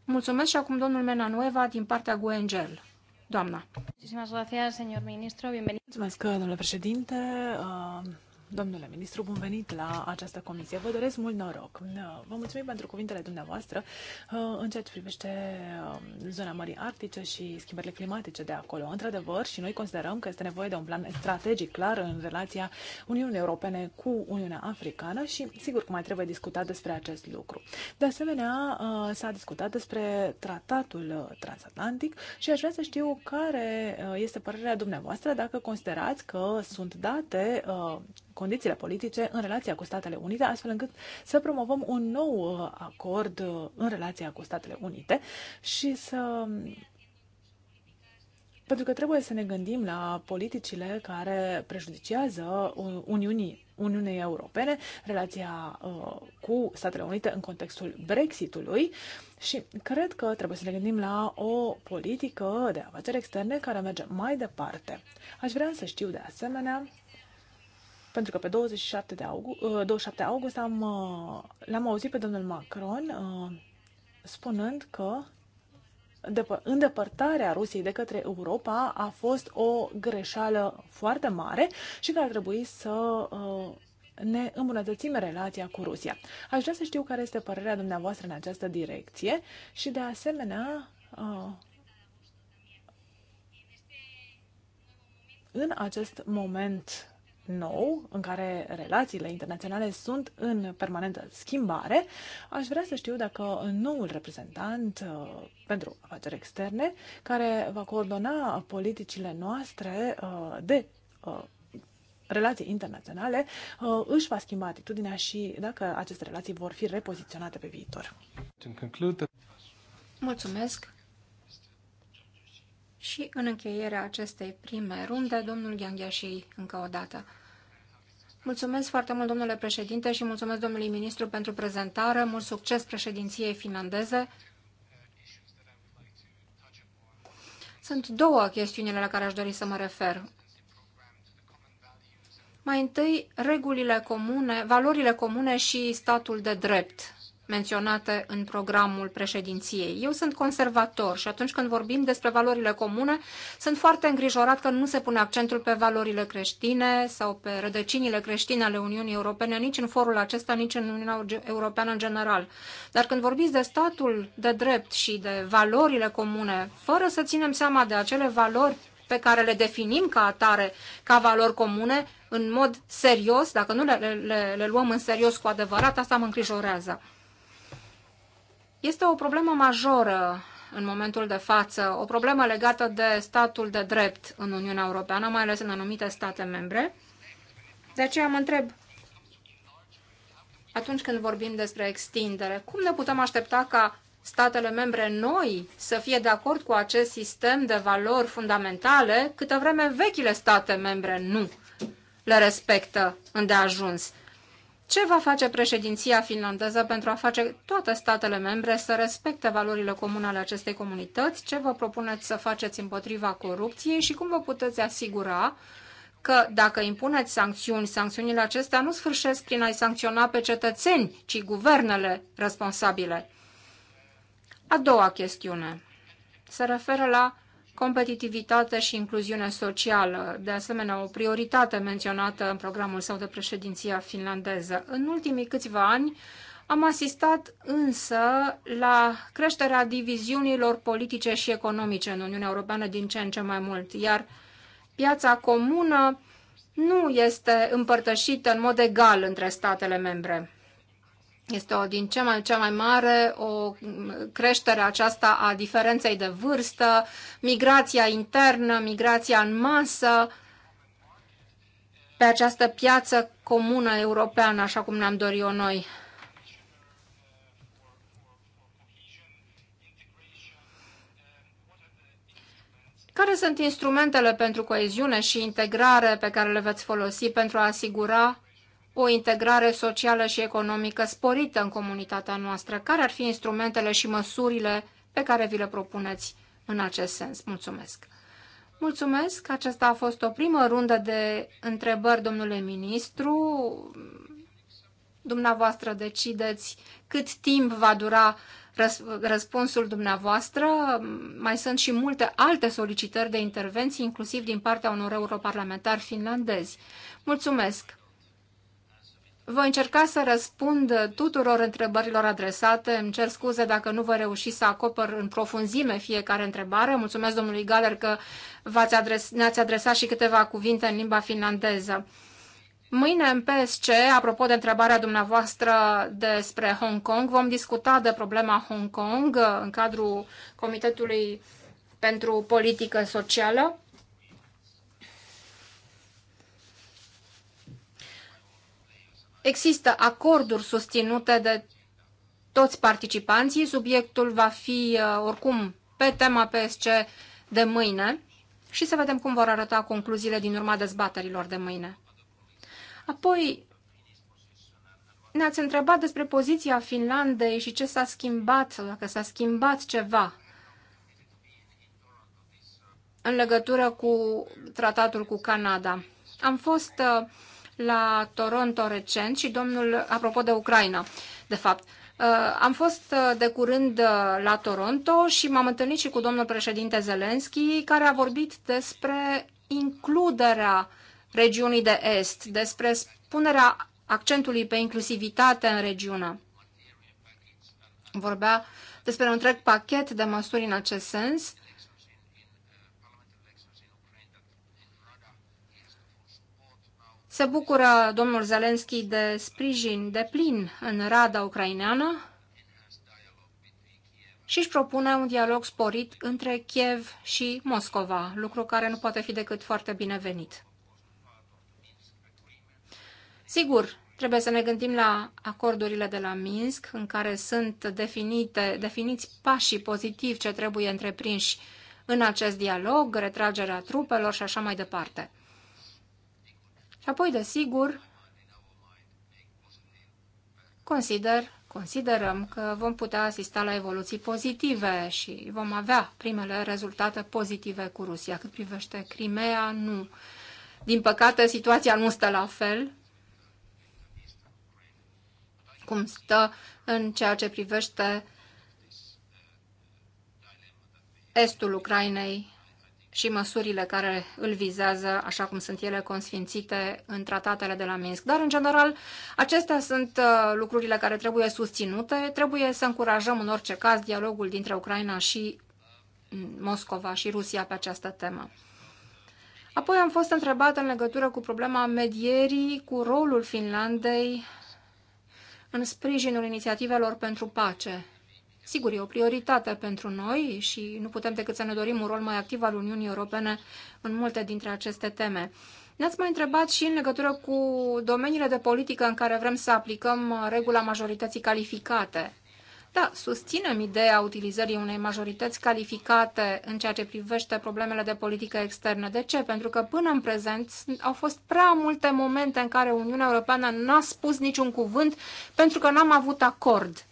Mulțumesc și acum domnul Menanueva din partea Guengel. Doamna. Mulțumesc, domnule președinte. Domnule ministru, bun venit la această comisie. Vă doresc mult noroc. Da, vă mulțumim pentru cuvintele dumneavoastră uh, în ceea ce privește um, zona Mării Arctice și schimbările climatice de acolo. Într-adevăr, și noi considerăm că este nevoie de un plan strategic clar în relația Uniunii Europene cu Uniunea Africană și sigur că mai trebuie discutat despre acest lucru. De asemenea, uh, s-a discutat despre tratatul uh, transatlantic și aș vrea să știu care este părerea dumneavoastră dacă considerați că sunt date condițiile politice în relația cu Statele Unite, astfel încât să promovăm un nou uh, acord uh, în relația cu Statele Unite și să pentru că trebuie să ne gândim la politicile care prejudiciază uh, Uniunii, Uniunii Europene, relația uh, cu Statele Unite în contextul Brexitului și cred că trebuie să ne gândim la o politică de afaceri externe care merge mai departe. Aș vrea să știu de asemenea pentru că pe 27, de august, uh, 27 august am, uh, l-am auzit pe domnul Macron uh, spunând că îndepărtarea Rusiei de către Europa a fost o greșeală foarte mare și că ar trebui să ne îmbunătățim relația cu Rusia. Aș vrea să știu care este părerea dumneavoastră în această direcție și, de asemenea, în acest moment nou, în care relațiile internaționale sunt în permanentă schimbare, aș vrea să știu dacă noul reprezentant uh, pentru afaceri externe, care va coordona politicile noastre uh, de uh, relații internaționale, își va schimba atitudinea și dacă aceste relații vor fi repoziționate pe viitor. Mulțumesc! Și în încheierea acestei prime runde, domnul și încă o dată. Mulțumesc foarte mult, domnule președinte, și mulțumesc domnului ministru pentru prezentare. Mult succes președinției finlandeze. Sunt două chestiunile la care aș dori să mă refer. Mai întâi, regulile comune, valorile comune și statul de drept menționate în programul președinției. Eu sunt conservator și atunci când vorbim despre valorile comune, sunt foarte îngrijorat că nu se pune accentul pe valorile creștine sau pe rădăcinile creștine ale Uniunii Europene, nici în forul acesta, nici în Uniunea Europeană în general. Dar când vorbiți de statul de drept și de valorile comune, fără să ținem seama de acele valori pe care le definim ca atare, ca valori comune, în mod serios, dacă nu le, le, le luăm în serios cu adevărat, asta mă îngrijorează. Este o problemă majoră în momentul de față, o problemă legată de statul de drept în Uniunea Europeană, mai ales în anumite state membre. De aceea mă întreb, atunci când vorbim despre extindere, cum ne putem aștepta ca statele membre noi să fie de acord cu acest sistem de valori fundamentale, câtă vreme vechile state membre nu le respectă îndeajuns. Ce va face președinția finlandeză pentru a face toate statele membre să respecte valorile comune ale acestei comunități? Ce vă propuneți să faceți împotriva corupției și cum vă puteți asigura că dacă impuneți sancțiuni, sancțiunile acestea nu sfârșesc prin a-i sancționa pe cetățeni, ci guvernele responsabile? A doua chestiune se referă la competitivitatea și incluziune socială, de asemenea o prioritate menționată în programul său de președinția finlandeză. În ultimii câțiva ani am asistat însă la creșterea diviziunilor politice și economice în Uniunea Europeană din ce în ce mai mult, iar piața comună nu este împărtășită în mod egal între statele membre. Este o din cea mai, cea mai mare o creștere aceasta a diferenței de vârstă, migrația internă, migrația în masă pe această piață comună europeană, așa cum ne-am dorit -o noi. Care sunt instrumentele pentru coeziune și integrare pe care le veți folosi pentru a asigura o integrare socială și economică sporită în comunitatea noastră. Care ar fi instrumentele și măsurile pe care vi le propuneți în acest sens? Mulțumesc! Mulțumesc! Aceasta a fost o primă rundă de întrebări, domnule ministru. Dumneavoastră decideți cât timp va dura răspunsul dumneavoastră. Mai sunt și multe alte solicitări de intervenții, inclusiv din partea unor europarlamentari finlandezi. Mulțumesc! Voi încerca să răspund tuturor întrebărilor adresate. Îmi cer scuze dacă nu vă reuși să acopăr în profunzime fiecare întrebare. Mulțumesc domnului Galer că v-ați adres- ne-ați adresat și câteva cuvinte în limba finlandeză. Mâine în PSC, apropo de întrebarea dumneavoastră despre Hong Kong, vom discuta de problema Hong Kong în cadrul Comitetului pentru Politică Socială. Există acorduri susținute de toți participanții. Subiectul va fi uh, oricum pe tema PSC de mâine și să vedem cum vor arăta concluziile din urma dezbaterilor de mâine. Apoi, ne-ați întrebat despre poziția Finlandei și ce s-a schimbat, dacă s-a schimbat ceva în legătură cu tratatul cu Canada. Am fost uh, la Toronto recent și domnul, apropo de Ucraina, de fapt, uh, am fost uh, de curând uh, la Toronto și m-am întâlnit și cu domnul președinte Zelenski, care a vorbit despre includerea regiunii de est, despre punerea accentului pe inclusivitate în regiune. Vorbea despre un întreg pachet de măsuri în acest sens Se bucură domnul Zelenski de sprijin de plin în Rada ucraineană și își propune un dialog sporit între Kiev și Moscova, lucru care nu poate fi decât foarte binevenit. Sigur, trebuie să ne gândim la acordurile de la Minsk, în care sunt definite, definiți pașii pozitivi ce trebuie întreprinși în acest dialog, retragerea trupelor și așa mai departe. Și apoi, desigur, consider, considerăm că vom putea asista la evoluții pozitive și vom avea primele rezultate pozitive cu Rusia. Cât privește Crimea, nu. Din păcate, situația nu stă la fel cum stă în ceea ce privește estul Ucrainei și măsurile care îl vizează, așa cum sunt ele consfințite în tratatele de la Minsk. Dar, în general, acestea sunt uh, lucrurile care trebuie susținute. Trebuie să încurajăm, în orice caz, dialogul dintre Ucraina și mm, Moscova și Rusia pe această temă. Apoi am fost întrebat în legătură cu problema medierii, cu rolul Finlandei în sprijinul inițiativelor pentru pace Sigur, e o prioritate pentru noi și nu putem decât să ne dorim un rol mai activ al Uniunii Europene în multe dintre aceste teme. Ne-ați mai întrebat și în legătură cu domeniile de politică în care vrem să aplicăm regula majorității calificate. Da, susținem ideea utilizării unei majorități calificate în ceea ce privește problemele de politică externă. De ce? Pentru că până în prezent au fost prea multe momente în care Uniunea Europeană n-a spus niciun cuvânt pentru că n-am avut acord.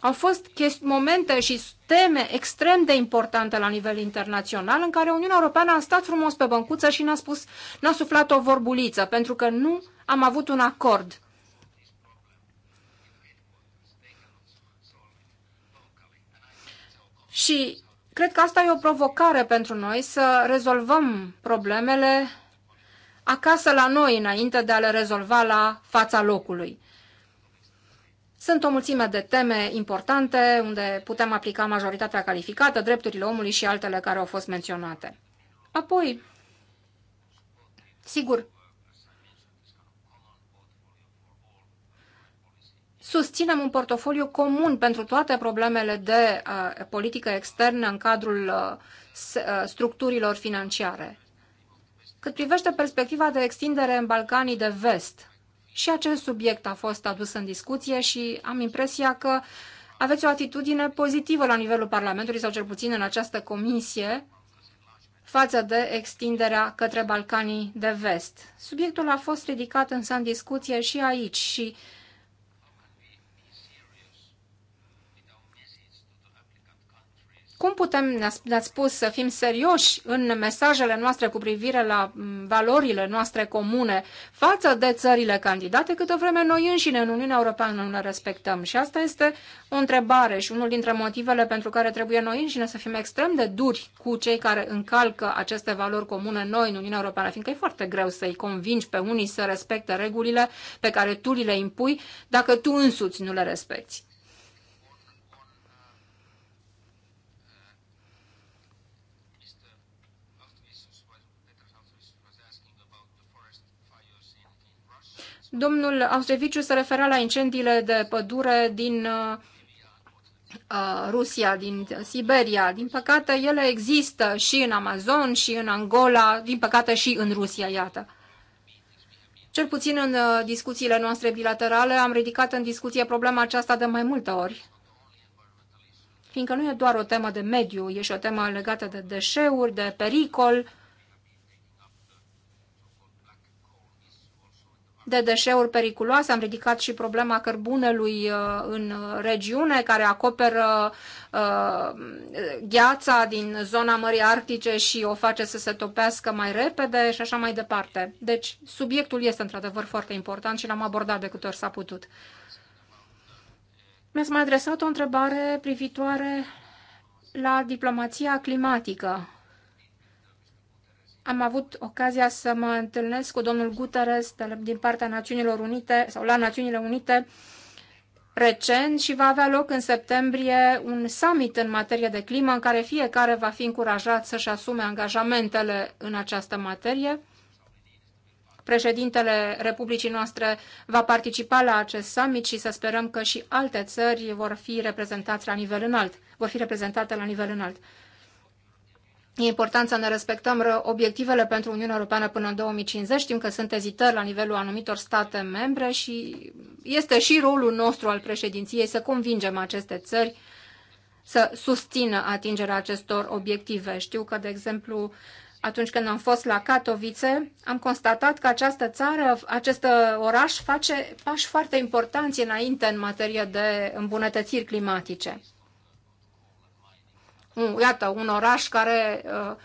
Au fost momente și teme extrem de importante la nivel internațional în care Uniunea Europeană a stat frumos pe băncuță și n-a spus, n-a suflat o vorbuliță, pentru că nu am avut un acord. Și cred că asta e o provocare pentru noi să rezolvăm problemele acasă la noi înainte de a le rezolva la fața locului. Sunt o mulțime de teme importante unde putem aplica majoritatea calificată, drepturile omului și altele care au fost menționate. Apoi, sigur, susținem un portofoliu comun pentru toate problemele de uh, politică externă în cadrul uh, uh structurilor financiare. Cât privește perspectiva de extindere în Balcanii de vest, și acest subiect a fost adus în discuție și am impresia că aveți o atitudine pozitivă la nivelul Parlamentului sau cel puțin în această comisie față de extinderea către Balcanii de vest. Subiectul a fost ridicat însă în discuție și aici și Cum putem, ne-ați spus, să fim serioși în mesajele noastre cu privire la mm, valorile noastre comune față de țările candidate, câtă vreme noi înșine în Uniunea Europeană nu le respectăm? Și asta este o întrebare și unul dintre motivele pentru care trebuie noi înșine să fim extrem de duri cu cei care încalcă aceste valori comune noi în Uniunea Europeană, fiindcă e foarte greu să-i convingi pe unii să respecte regulile pe care tu li le impui dacă tu însuți nu le respecti. Domnul Austreviciu se referea la incendiile de pădure din uh, uh, Rusia, din Siberia. Din păcate, ele există și în Amazon, și în Angola, din păcate și în Rusia, iată. Cel puțin în uh, discuțiile noastre bilaterale am ridicat în discuție problema aceasta de mai multe ori. Fiindcă nu e doar o temă de mediu, e și o temă legată de deșeuri, de pericol, de deșeuri periculoase. Am ridicat și problema cărbunelui uh, în regiune, care acoperă uh, gheața din zona Mării Arctice și o face să se topească mai repede și așa mai departe. Deci, subiectul este într-adevăr foarte important și l-am abordat de câte ori s-a putut. Mi-ați mai adresat o întrebare privitoare la diplomația climatică. Am avut ocazia să mă întâlnesc cu domnul Guterres din partea Națiunilor Unite sau la Națiunile Unite recent și va avea loc în septembrie un summit în materie de climă în care fiecare va fi încurajat să-și asume angajamentele în această materie. Președintele Republicii noastre va participa la acest summit și să sperăm că și alte țări vor fi reprezentate la nivel înalt, vor fi reprezentate la nivel înalt. E important să ne respectăm obiectivele pentru Uniunea Europeană până în 2050. Știm că sunt ezitări la nivelul anumitor state membre și este și rolul nostru al președinției să convingem aceste țări să susțină atingerea acestor obiective. Știu că, de exemplu, atunci când am fost la Katowice, am constatat că această țară, acest oraș face pași foarte importanți înainte în materie de îmbunătățiri climatice iată, un oraș care uh,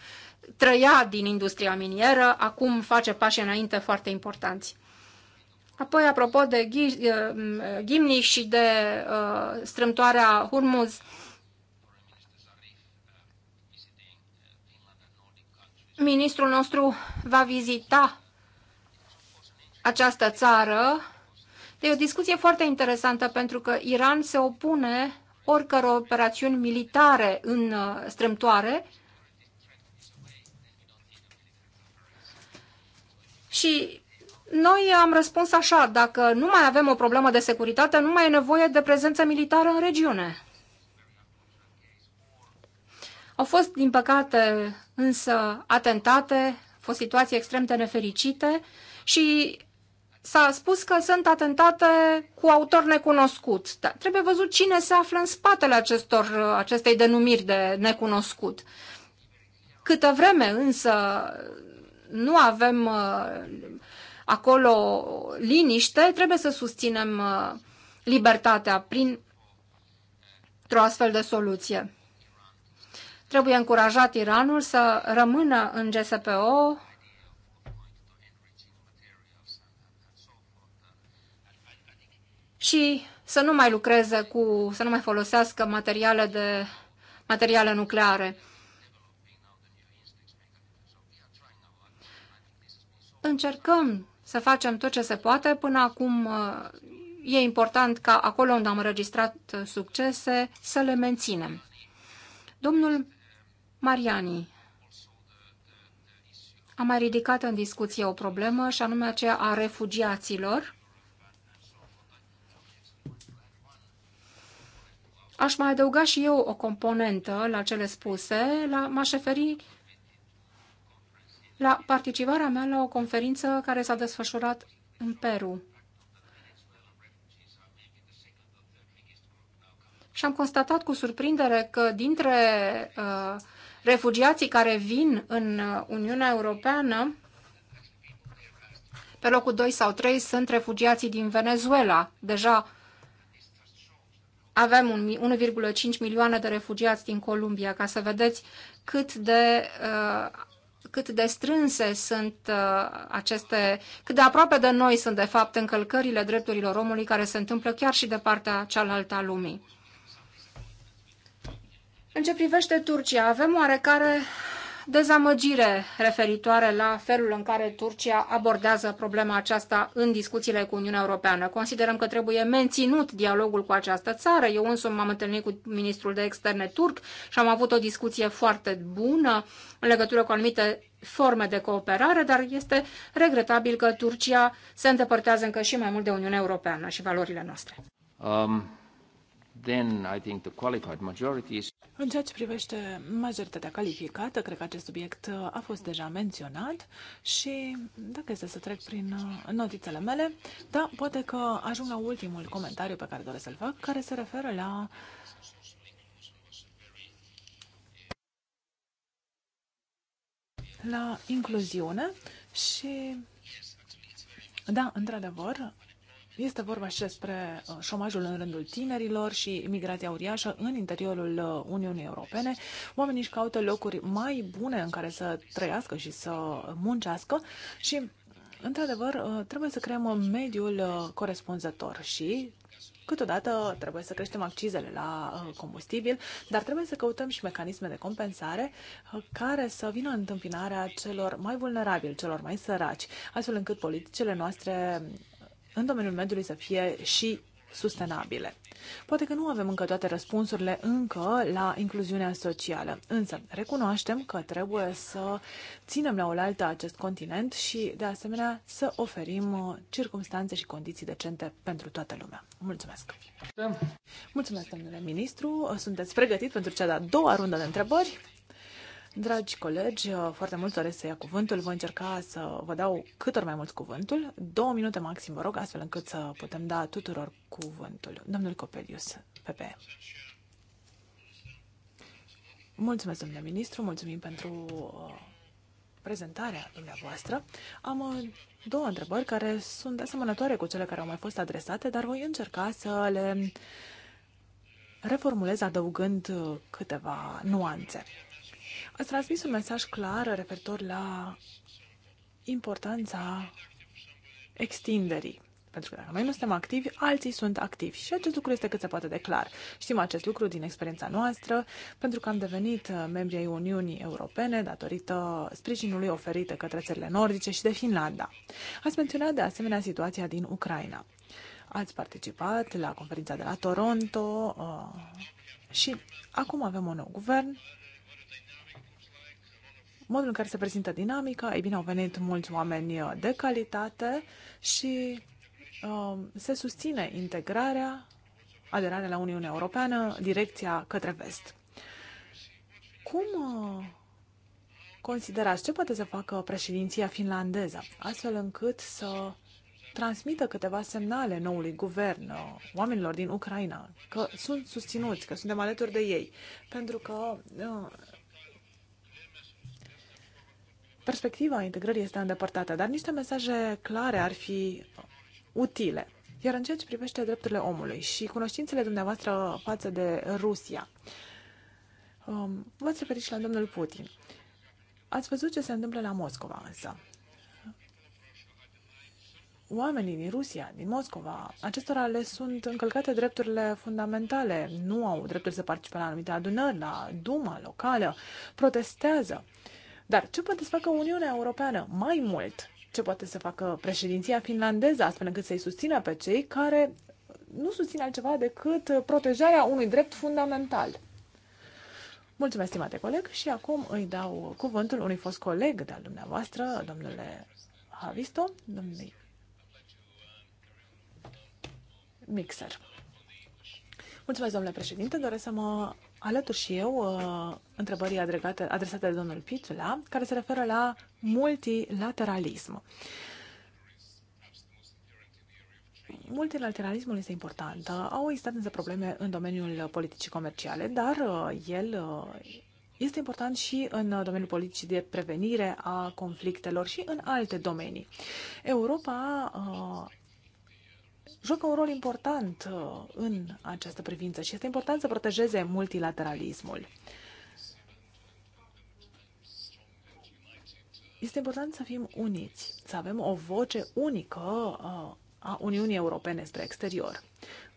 trăia din industria minieră, acum face pași înainte foarte importanți. Apoi, apropo de uh, Ghimni și de uh, strâmtoarea Hurmuz, ministrul nostru va vizita această țară. E o discuție foarte interesantă pentru că Iran se opune oricăror operațiuni militare în uh, strâmtoare și noi am răspuns așa, dacă nu mai avem o problemă de securitate, nu mai e nevoie de prezență militară în regiune. Au fost, din păcate, însă atentate, au fost situații extrem de nefericite și S-a spus că sunt atentate cu autor necunoscut. Dar trebuie văzut cine se află în spatele acestor, acestei denumiri de necunoscut. Câtă vreme însă nu avem uh, acolo liniște, trebuie să susținem uh, libertatea prin o astfel de soluție. Trebuie încurajat Iranul să rămână în GSPO și să nu mai lucreze cu, să nu mai folosească materiale, de, materiale nucleare. Încercăm să facem tot ce se poate. Până acum uh, e important ca acolo unde am înregistrat uh, succese să le menținem. Domnul Mariani a mai ridicat în discuție o problemă și anume aceea a refugiaților Aș mai adăuga și eu o componentă la cele spuse, la, m-aș referi la participarea mea la o conferință care s-a desfășurat în Peru. Și am constatat cu surprindere că dintre uh, refugiații care vin în Uniunea Europeană, pe locul 2 sau 3 sunt refugiații din Venezuela. Deja avem 1,5 milioane de refugiați din Columbia, ca să vedeți cât de uh, cât de strânse sunt uh, aceste, cât de aproape de noi sunt, de fapt, încălcările drepturilor omului care se întâmplă chiar și de partea cealaltă a lumii. În ce privește Turcia, avem oarecare dezamăgire referitoare la felul în care Turcia abordează problema aceasta în discuțiile cu Uniunea Europeană. Considerăm că trebuie menținut dialogul cu această țară. Eu însumi m-am întâlnit cu ministrul de externe turc și am avut o discuție foarte bună în legătură cu anumite forme de cooperare, dar este regretabil că Turcia se îndepărtează încă și mai mult de Uniunea Europeană și valorile noastre. Um then I think the qualified majority is... În ceea ce privește majoritatea calificată, cred că acest subiect uh, a fost deja menționat și dacă este să trec prin uh, notițele mele, da, poate că ajung la ultimul comentariu pe care doresc să-l fac, care se referă la la incluziune și da, într-adevăr, este vorba și despre uh, șomajul în rândul tinerilor și migrația uriașă în interiorul uh, Uniunii Europene. Oamenii își caută locuri mai bune în care să trăiască și să muncească și, într-adevăr, uh, trebuie să creăm mediul corespunzător și Câteodată trebuie să creștem accizele la combustibil, dar trebuie să căutăm și mecanisme de compensare care să vină în întâmpinarea celor mai vulnerabili, celor mai săraci, astfel încât politicele noastre în domeniul mediului să fie și sustenabile. Poate că nu avem încă toate răspunsurile încă la incluziunea socială, însă recunoaștem că trebuie să ținem la oaltă acest continent și, de asemenea, să oferim uh, circumstanțe și condiții decente pentru toată lumea. Mulțumesc! Da. Mulțumesc, domnule ministru! Sunteți pregătit pentru cea de-a doua rundă de întrebări? Dragi colegi, uh, foarte mult doresc să ia cuvântul. Voi încerca să vă dau cât ori mai mult cuvântul. Două minute maxim, vă rog, astfel încât să putem da tuturor cuvântul. Domnul Copelius, PP. Mulțumesc, domnule ministru, mulțumim pentru uh, prezentarea dumneavoastră. Am uh, două întrebări care sunt asemănătoare cu cele care au mai fost adresate, dar voi încerca să le reformulez adăugând câteva nuanțe. Ați transmis un mesaj clar referitor la importanța extinderii. Pentru că dacă noi nu suntem activi, alții sunt activi. Și acest lucru este cât se poate de clar. Știm acest lucru din experiența noastră, pentru că am devenit membri ai Uniunii Europene datorită sprijinului oferit către țările nordice și de Finlanda. Ați menționat de asemenea situația din Ucraina. Ați participat la conferința de la Toronto uh, și acum avem un nou guvern modul în care se prezintă dinamica, ei bine, au venit mulți oameni uh, de calitate și uh, se susține integrarea, aderarea la Uniunea Europeană, direcția către vest. Cum uh, considerați ce poate să facă președinția finlandeză, astfel încât să transmită câteva semnale noului guvern, uh, oamenilor din Ucraina, că sunt susținuți, că suntem alături de ei, pentru că perspectiva integrării este îndepărtată, dar niște mesaje clare ar fi utile. Iar în ceea ce privește drepturile omului și cunoștințele dumneavoastră față de Rusia, um, v-ați referit și la domnul Putin. Ați văzut ce se întâmplă la Moscova însă. Oamenii din Rusia, din Moscova, acestora le sunt încălcate drepturile fundamentale. Nu au dreptul să participe la anumite adunări, la Duma locală, protestează. Uh, dar ce poate să facă Uniunea Europeană mai mult? Ce poate să facă președinția finlandeză astfel încât să-i susțină pe cei care nu susțin altceva decât protejarea unui drept fundamental. Mulțumesc, stimate coleg, și acum îi dau cuvântul unui fost coleg de-al dumneavoastră, domnule Havisto, domnului Mixer. Mulțumesc, domnule președinte, doresc să mă Alături și eu uh, întrebării adresate de domnul Pitula, care se referă la multilateralism. Multilateralismul este important. Au existat însă probleme în domeniul politicii comerciale, dar uh, el uh, este important și în domeniul politicii de prevenire a conflictelor și în alte domenii. Europa joacă un rol important uh, în această privință și este important să protejeze multilateralismul. Este important să fim uniți, să avem o voce unică uh, a Uniunii Europene spre exterior.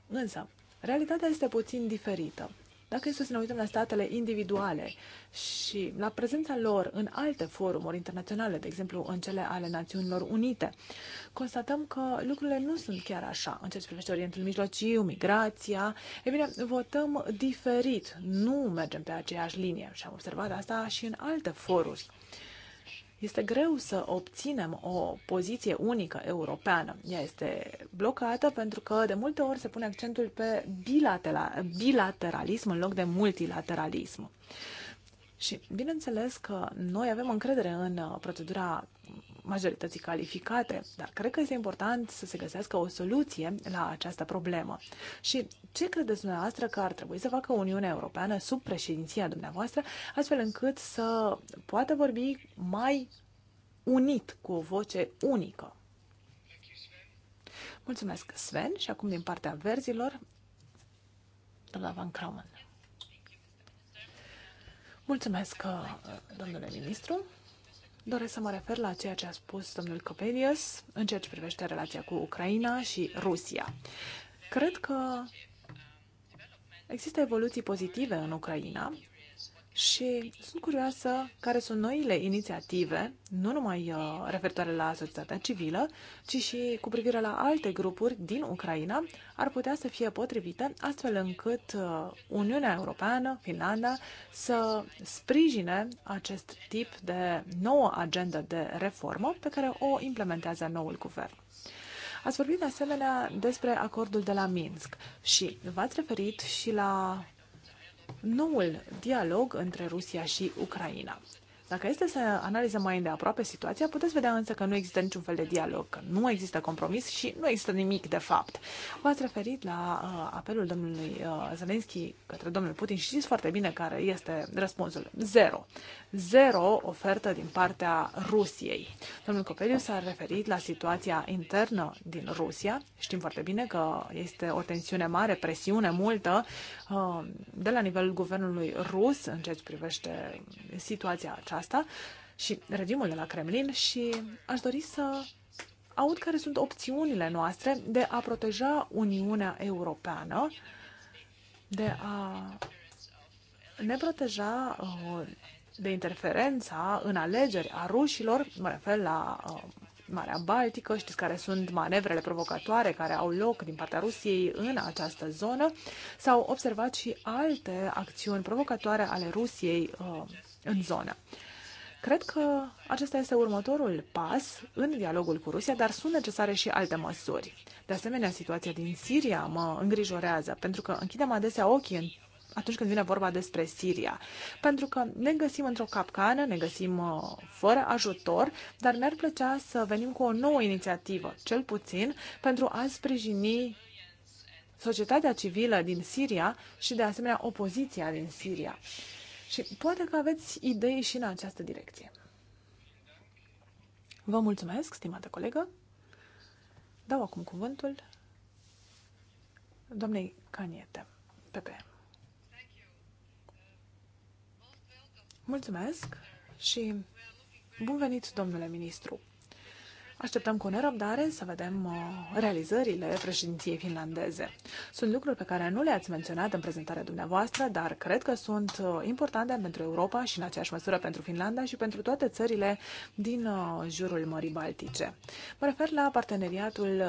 Însă, realitatea este puțin diferită. Dacă este să ne uităm la statele individuale și la prezența lor în alte forumuri internaționale, de exemplu în cele ale Națiunilor Unite, constatăm că lucrurile nu sunt chiar așa în ceea ce privește Orientul Mijlociu, migrația. E bine, votăm diferit, nu mergem pe aceeași linie și am observat asta și în alte foruri. Este greu să obținem o poziție unică europeană. Ea este blocată pentru că de multe ori se pune accentul pe bilateralism în loc de multilateralism. Și bineînțeles că noi avem încredere în procedura majorității calificate, dar cred că este important să se găsească o soluție la această problemă. Și ce credeți dumneavoastră că ar trebui să facă Uniunea Europeană sub președinția dumneavoastră, astfel încât să poată vorbi mai unit, cu o voce unică? Mulțumesc, Sven, și acum din partea verzilor, doamna Van Krauman. Mulțumesc, domnule ministru. Doresc să mă refer la ceea ce a spus domnul Copelius în ceea ce privește relația cu Ucraina și Rusia. Cred că există evoluții pozitive în Ucraina și sunt curioasă care sunt noile inițiative, nu numai uh, referitoare la societatea civilă, ci și cu privire la alte grupuri din Ucraina, ar putea să fie potrivite astfel încât uh, Uniunea Europeană, Finlanda, să sprijine acest tip de nouă agendă de reformă pe care o implementează noul guvern. Ați vorbit de asemenea despre acordul de la Minsk și v-ați referit și la noul dialog între Rusia și Ucraina. Dacă este să analizăm mai îndeaproape situația, puteți vedea însă că nu există niciun fel de dialog, că nu există compromis și nu există nimic de fapt. V-ați referit la uh, apelul domnului uh, Zelenski către domnul Putin și știți foarte bine care este răspunsul. Zero. Zero ofertă din partea Rusiei. Domnul Copeliu s-a referit la situația internă din Rusia. Știm foarte bine că este o tensiune mare, presiune multă uh, de la nivelul guvernului rus în ceea ce privește situația aceasta aceasta și regimul de la Kremlin și aș dori să aud care sunt opțiunile noastre de a proteja Uniunea Europeană, de a ne proteja uh, de interferența în alegeri a rușilor, mă refer la uh, Marea Baltică, știți care sunt manevrele provocatoare care au loc din partea Rusiei în această zonă. S-au observat și alte acțiuni provocatoare ale Rusiei uh, în zonă. Cred că acesta este următorul pas în dialogul cu Rusia, dar sunt necesare și alte măsuri. De asemenea, situația din Siria mă îngrijorează, pentru că închidem adesea ochii în atunci când vine vorba despre Siria. Pentru că ne găsim într-o capcană, ne găsim uh, fără ajutor, dar mi-ar plăcea să venim cu o nouă inițiativă, cel puțin pentru a sprijini societatea civilă din Siria și, de asemenea, opoziția din Siria. Și poate că aveți idei și în această direcție. Vă mulțumesc, stimată colegă. Dau acum cuvântul doamnei Caniete, PP. Mulțumesc și bun venit, domnule ministru. Așteptăm cu nerăbdare să vedem uh, realizările președinției finlandeze. Sunt lucruri pe care nu le-ați menționat în prezentarea dumneavoastră, dar cred că sunt uh, importante pentru Europa și în aceeași măsură pentru Finlanda și pentru toate țările din uh, jurul Mării Baltice. Mă refer la parteneriatul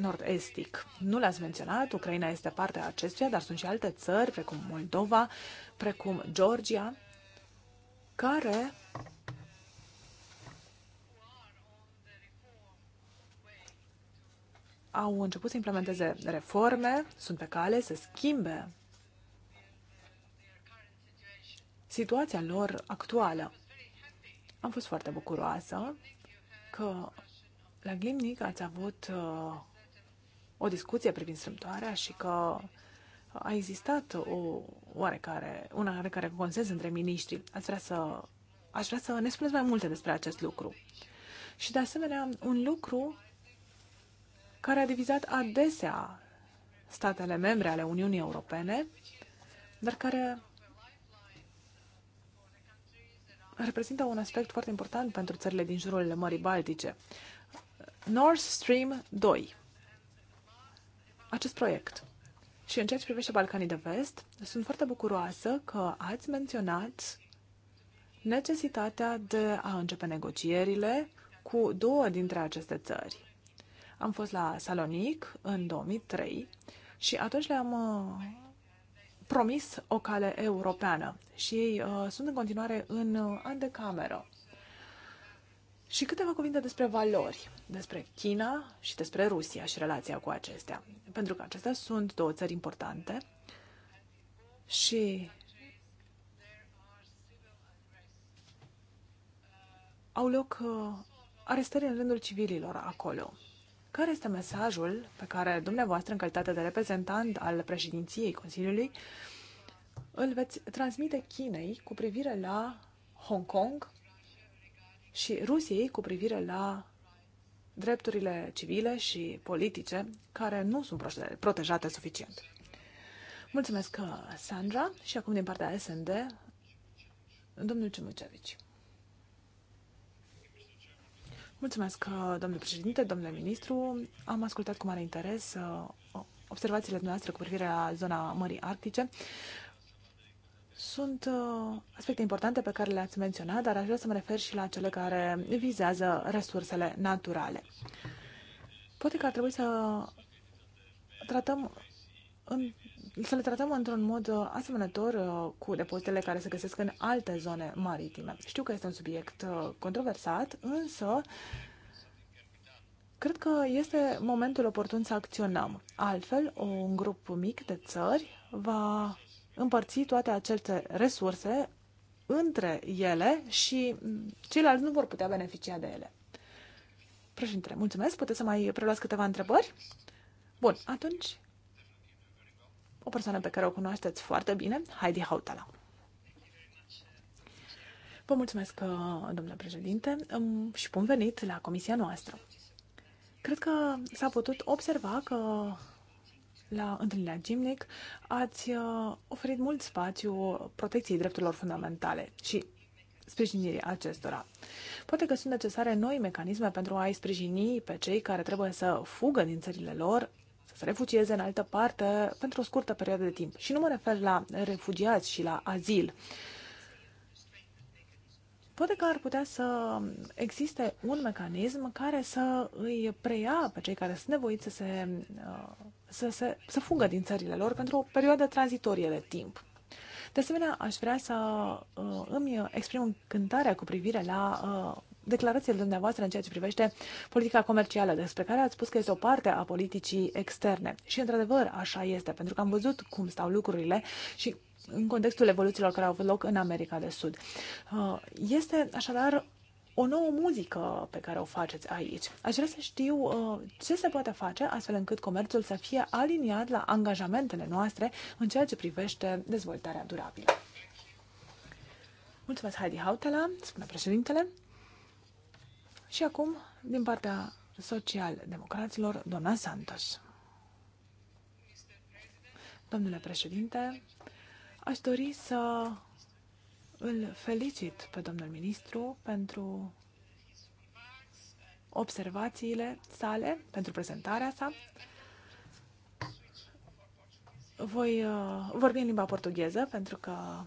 nord-estic. Nu l-ați menționat, Ucraina este parte a acestuia, dar sunt și alte țări, precum Moldova, precum Georgia, care au început să implementeze reforme, sunt pe cale să schimbe situația lor actuală. Am fost foarte bucuroasă că la Glimnic ați avut uh, o discuție privind strâmtoarea și că a existat o oarecare, una oarecare consens între miniștri. Ați vrea să, aș vrea să ne spuneți mai multe despre acest lucru. Și de asemenea, un lucru care a divizat adesea statele membre ale Uniunii Europene, dar care reprezintă un aspect foarte important pentru țările din jurul Mării Baltice. Nord Stream 2. Acest proiect. Și în ceea ce privește Balcanii de Vest, sunt foarte bucuroasă că ați menționat necesitatea de a începe negocierile cu două dintre aceste țări. Am fost la Salonic în 2003 și atunci le-am uh, promis o cale europeană și ei uh, sunt în continuare în uh, Și câteva cuvinte despre valori, despre China și despre Rusia și relația cu acestea. Pentru că acestea sunt două țări importante și au loc uh, arestări în rândul civililor acolo. Care este mesajul pe care dumneavoastră, în calitate de reprezentant al președinției Consiliului, îl veți transmite Chinei cu privire la Hong Kong și Rusiei cu privire la drepturile civile și politice care nu sunt protejate suficient. Mulțumesc, Sandra, și acum din partea SND, domnul Cimucevici. Mulțumesc, uh, domnule președinte, domnule ministru. Am ascultat cu mare interes uh, observațiile noastre cu privire la zona Mării Arctice. Sunt uh, aspecte importante pe care le-ați menționat, dar aș vrea să mă refer și la cele care vizează resursele naturale. Poate că ar trebui să tratăm în să le tratăm într-un mod uh, asemănător uh, cu depozitele care se găsesc în alte zone maritime. Știu că este un subiect uh, controversat, însă cred că este momentul oportun să acționăm. Altfel, un grup mic de țări va împărți toate aceste resurse între ele și ceilalți nu vor putea beneficia de ele. Președintele, mulțumesc. Puteți să mai preluați câteva întrebări? Bun, atunci o persoană pe care o cunoașteți foarte bine, Heidi Hautala. Vă mulțumesc, uh, domnule președinte, um, și bun venit la comisia noastră. Cred că s-a putut observa că la întâlnirea Gimnic ați uh, oferit mult spațiu protecției drepturilor fundamentale și sprijinirii acestora. Poate că sunt necesare noi mecanisme pentru a-i sprijini pe cei care trebuie să fugă din țările lor să se refugieze în altă parte pentru o scurtă perioadă de timp. Și nu mă refer la refugiați și la azil. Poate că ar putea să existe un mecanism care să îi preia pe cei care sunt nevoiți să, se, uh, să, se, să fugă din țările lor pentru o perioadă tranzitorie de timp. De asemenea, aș vrea să uh, îmi exprim încântarea cu privire la uh, declarațiile dumneavoastră în ceea ce privește politica comercială, despre care ați spus că este o parte a politicii externe. Și, într-adevăr, așa este, pentru că am văzut cum stau lucrurile și în contextul evoluțiilor care au avut loc în America de Sud. Uh, este, așadar, o nouă muzică pe care o faceți aici. Aș vrea să știu uh, ce se poate face astfel încât comerțul să fie aliniat la angajamentele noastre în ceea ce privește dezvoltarea durabilă. Mulțumesc, Heidi Hautala, spune președintele. Și acum, din partea social-democraților, doamna Santos. Domnule președinte, aș dori să îl felicit pe domnul ministru pentru observațiile sale, pentru prezentarea sa. Voi uh, vorbi în limba portugheză pentru că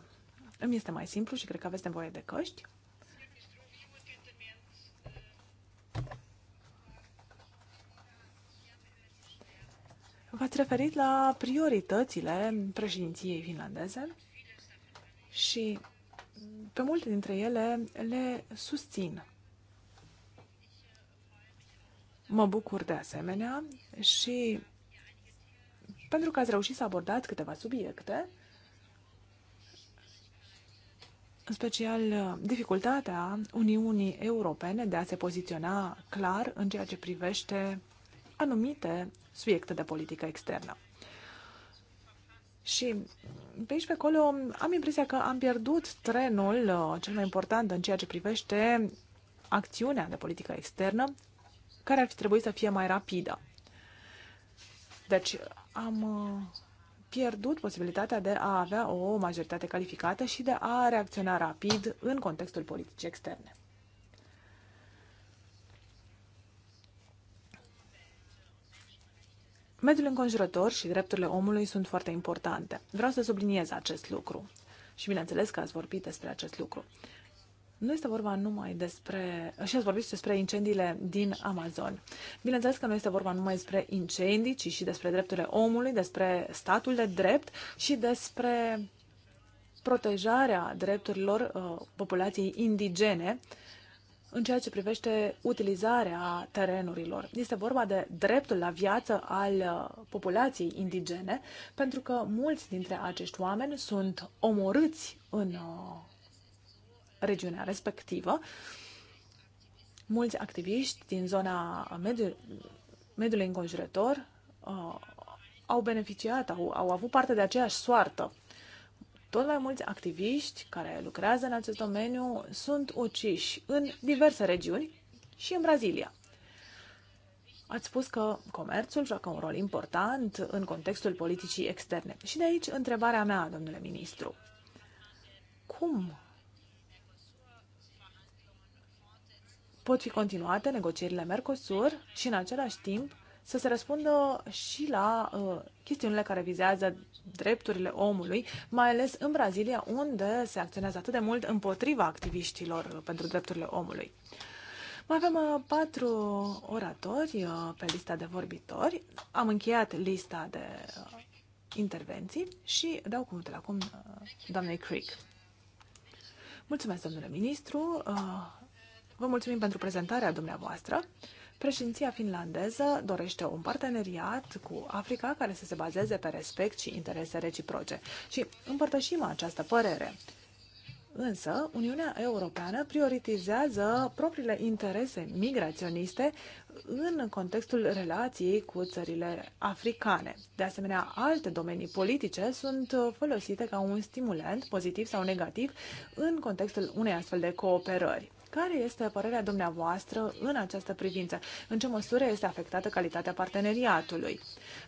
îmi este mai simplu și cred că aveți nevoie de căști. V-ați referit la prioritățile președinției finlandeze și pe multe dintre ele le susțin. Mă bucur de asemenea și pentru că ați reușit să abordați câteva subiecte, în special dificultatea Uniunii Europene de a se poziționa clar în ceea ce privește anumite subiecte de politică externă. Și pe aici pe acolo am impresia că am pierdut trenul uh, cel mai important în ceea ce privește acțiunea de politică externă, care ar fi trebuit să fie mai rapidă. Deci am uh, pierdut posibilitatea de a avea o majoritate calificată și de a reacționa rapid în contextul politicii externe. Mediul înconjurător și drepturile omului sunt foarte importante. Vreau să subliniez acest lucru. Și bineînțeles că ați vorbit despre acest lucru. Nu este vorba numai despre... și ați vorbit despre incendiile din Amazon. Bineînțeles că nu este vorba numai despre incendii, ci și despre drepturile omului, despre statul de drept și despre protejarea drepturilor uh, populației indigene uh, în ceea ce privește utilizarea terenurilor. Este vorba de dreptul la viață al uh, populației indigene, pentru că mulți dintre acești oameni sunt omorâți în uh, regiunea respectivă. Mulți activiști din zona mediului, mediului înconjurător uh, au beneficiat, au, au avut parte de aceeași soartă tot mai mulți activiști care lucrează în acest domeniu sunt uciși în diverse regiuni și în Brazilia. Ați spus că comerțul joacă un rol important în contextul politicii externe. Și de aici întrebarea mea, domnule ministru. Cum pot fi continuate negocierile Mercosur și în același timp să se răspundă și la uh, chestiunile care vizează drepturile omului, mai ales în Brazilia, unde se acționează atât de mult împotriva activiștilor pentru drepturile omului. Mai avem uh, patru oratori uh, pe lista de vorbitori. Am încheiat lista de uh, intervenții și dau cuvântul acum uh, doamnei Crick. Mulțumesc, domnule ministru. Uh, vă mulțumim pentru prezentarea dumneavoastră. Președinția finlandeză dorește un parteneriat cu Africa care să se bazeze pe respect și interese reciproce și împărtășim această părere. Însă, Uniunea Europeană prioritizează propriile interese migraționiste în contextul relației cu țările africane. De asemenea, alte domenii politice sunt folosite ca un stimulant pozitiv sau negativ în contextul unei astfel de cooperări. Care este părerea dumneavoastră în această privință? În ce măsură este afectată calitatea parteneriatului?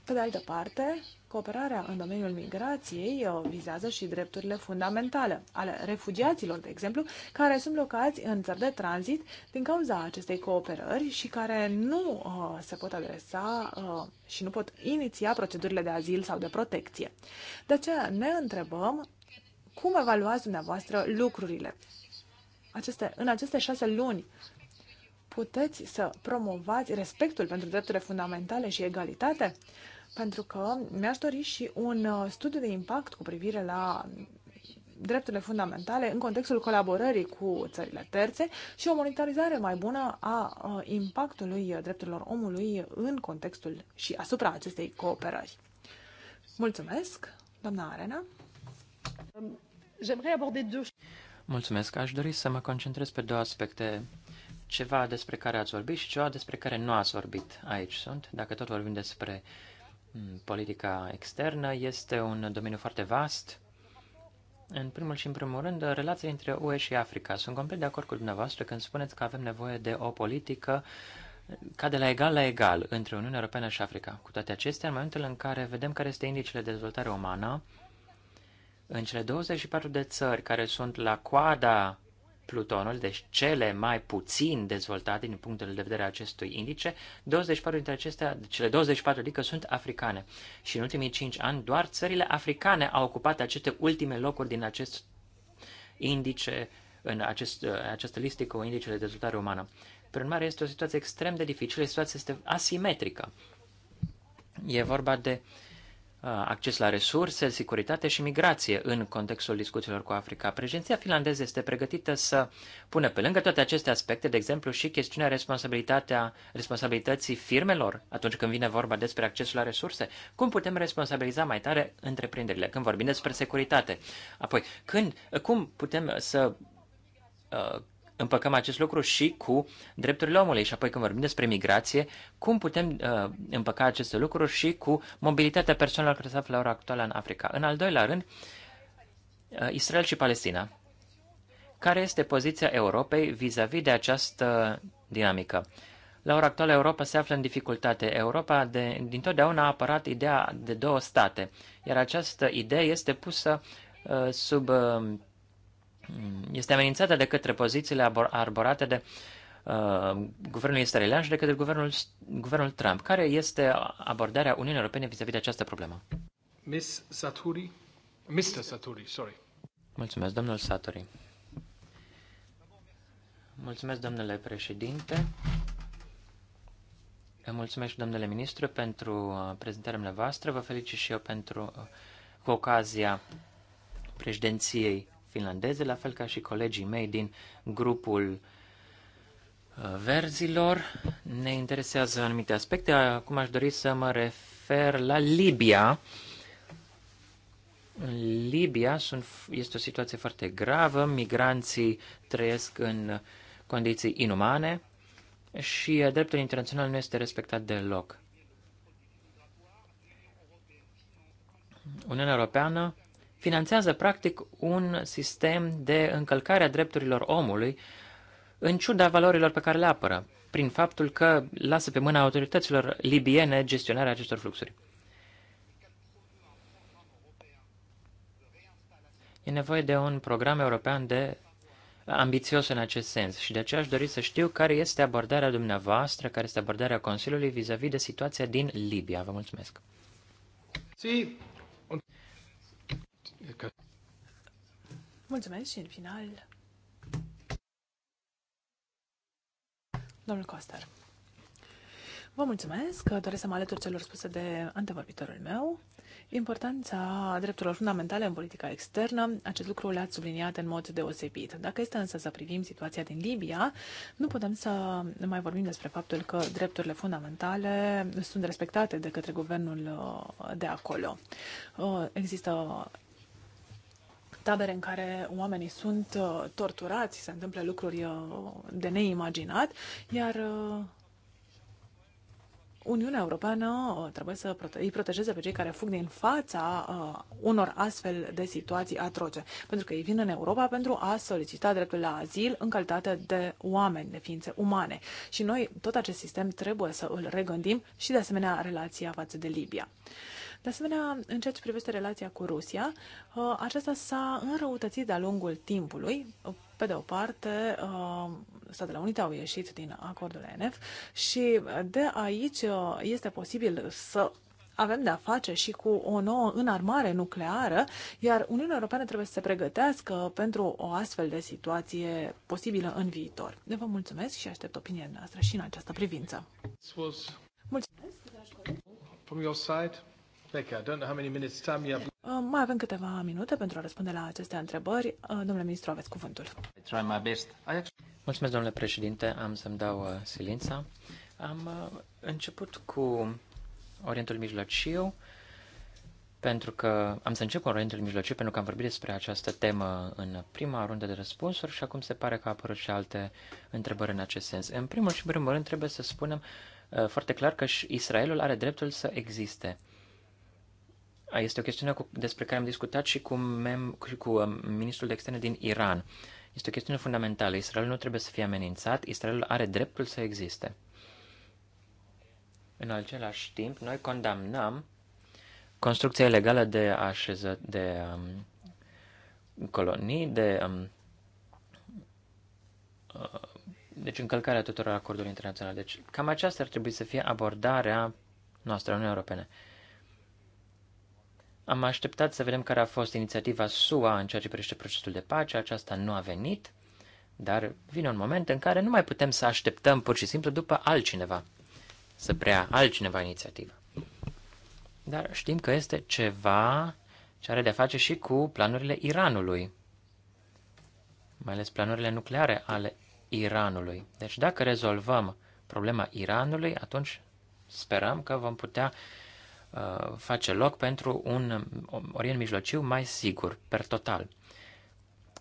Pe de altă parte, cooperarea în domeniul migrației uh, vizează și drepturile fundamentale ale refugiaților, de exemplu, care sunt blocați în țări de tranzit din cauza acestei cooperări și care nu uh, se pot adresa uh, și nu pot iniția procedurile de azil sau de protecție. De aceea ne întrebăm cum evaluați dumneavoastră lucrurile? aceste, în aceste șase luni puteți să promovați respectul pentru drepturile fundamentale și egalitate? Pentru că mi-aș dori și un uh, studiu de impact cu privire la drepturile fundamentale în contextul colaborării cu țările terțe și o monitorizare mai bună a uh, impactului drepturilor omului în contextul și asupra acestei cooperări. Mulțumesc, doamna Arena. J'aimerais aborder deux Mulțumesc. Aș dori să mă concentrez pe două aspecte. Ceva despre care ați vorbit și ceva despre care nu ați vorbit aici sunt. Dacă tot vorbim despre mm, politica externă, este un domeniu foarte vast. În primul și în primul rând, relația între UE și Africa. Sunt complet de acord cu dumneavoastră când spuneți că avem nevoie de o politică ca de la egal la egal între Uniunea Europeană și Africa. Cu toate acestea, în momentul în care vedem care este indicele de dezvoltare umană, în cele 24 de țări care sunt la coada Plutonul, deci cele mai puțin dezvoltate din punctul de vedere acestui indice, 24 dintre acestea, cele 24 adică sunt africane. Și în ultimii 5 ani doar țările africane au ocupat aceste ultime locuri din acest indice, în acest, această listă cu indicele de dezvoltare umană. Prin urmare, este o situație extrem de dificilă, situația este asimetrică. E vorba de uh, Uh, acces la resurse, securitate și migrație în contextul discuțiilor cu Africa. Președinția finlandeză este pregătită să pună pe lângă toate aceste aspecte, de exemplu, și chestiunea responsabilitatea, responsabilității firmelor atunci când vine vorba despre accesul la resurse. Cum putem responsabiliza mai tare întreprinderile când vorbim despre securitate? Apoi, când, cum putem să uh, împăcăm acest lucru și cu drepturile omului. Și apoi când vorbim despre migrație, cum putem uh, împăca aceste lucruri și cu mobilitatea persoanelor care se află la ora actuală în Africa. În al doilea rând, uh, Israel și Palestina. Care este poziția Europei vis-a-vis -vis de această dinamică? La ora actuală, Europa se află în dificultate. Europa de, dintotdeauna a apărat ideea de două state, iar această idee este pusă uh, sub uh, Mm, este amenințată de către pozițiile arborate de uh, guvernul israelian și de către guvernul, guvernul Trump. Care este abordarea Uniunii Europene vis-a-vis de această problemă? Miss Saturi, Mr. Saturi, sorry. Mulțumesc, domnul Saturi. Mulțumesc, domnule președinte. Îmi mulțumesc, domnule ministru, pentru uh, prezentarea dumneavoastră. Vă felicit și eu pentru uh, cu ocazia președinției finlandeze, la fel ca și colegii mei din grupul uh, verzilor. Ne interesează anumite aspecte. Acum aș dori să mă refer la Libia. În Libia sunt, este o situație foarte gravă, migranții trăiesc în condiții inumane și dreptul internațional nu este respectat deloc. Uniunea Europeană finanțează practic un sistem de încălcare a drepturilor omului în ciuda valorilor pe care le apără, prin faptul că lasă pe mâna autorităților libiene gestionarea acestor fluxuri. E nevoie de un program european de ambițios în acest sens și de aceea aș dori să știu care este abordarea dumneavoastră, care este abordarea Consiliului vis-a-vis -vis de situația din Libia. Vă mulțumesc. Sí, Mulțumesc și în final, domnul Coster. Vă mulțumesc că doresc să mă alătur celor spuse de antevorbitorul meu. Importanța drepturilor fundamentale în politica externă, acest lucru le ați subliniat în mod deosebit. Dacă este însă să privim situația din Libia, nu putem să mai vorbim despre faptul că drepturile fundamentale sunt respectate de către guvernul uh, de acolo. Uh, există tabere în care oamenii sunt uh, torturați, se întâmplă lucruri uh, de neimaginat, iar uh, Uniunea Europeană trebuie să îi protejeze pe cei care fug din fața unor astfel de situații atroce, pentru că ei vin în Europa pentru a solicita dreptul la azil în calitate de oameni, de ființe umane. Și noi tot acest sistem trebuie să îl regândim și de asemenea relația față de Libia. De asemenea, în ceea ce privește relația cu Rusia, uh, aceasta s-a înrăutățit de-a lungul timpului. Pe de o parte, uh, Statele Unite au ieșit din acordul ENF și de aici uh, este posibil să avem de-a face și cu o nouă înarmare nucleară, iar Uniunea Europeană trebuie să se pregătească pentru o astfel de situație posibilă în viitor. Ne vă mulțumesc și aștept opinia noastră și în această privință. Mulțumesc, dragi colegi. Uh, mai avem câteva minute pentru a răspunde la aceste întrebări. Uh, domnule ministru, aveți cuvântul. Mulțumesc, domnule președinte. Am să-mi dau uh, silința. Am început cu Orientul Mijlociu, pentru că am să încep cu Orientul Mijlociu, pentru că am vorbit despre această temă în prima rundă de răspunsuri și acum se pare că apărut și alte întrebări în acest sens. În primul și primul rând trebuie să spunem foarte clar că Israelul are dreptul să existe. Este o chestiune cu, despre care am discutat și cu, mem, și cu um, ministrul de externe din Iran. Este o chestiune fundamentală. Israel nu trebuie să fie amenințat, Israel are dreptul să existe. În același timp, noi condamnăm construcția ilegală de așeză, de um, colonii, de um, uh, deci încălcarea tuturor acordurilor internaționale. Deci cam aceasta ar trebui să fie abordarea noastră, Uniunea Europene. Am așteptat să vedem care a fost inițiativa SUA în ceea ce privește procesul de pace, aceasta nu a venit, dar vine un moment în care nu mai putem să așteptăm pur și simplu după altcineva, să prea altcineva inițiativa. Dar știm că este ceva ce are de-a face și cu planurile Iranului, mai ales planurile nucleare ale Iranului. Deci dacă rezolvăm problema Iranului, atunci sperăm că vom putea uh, Uh, face loc pentru un um, Orient Mijlociu mai sigur, per total.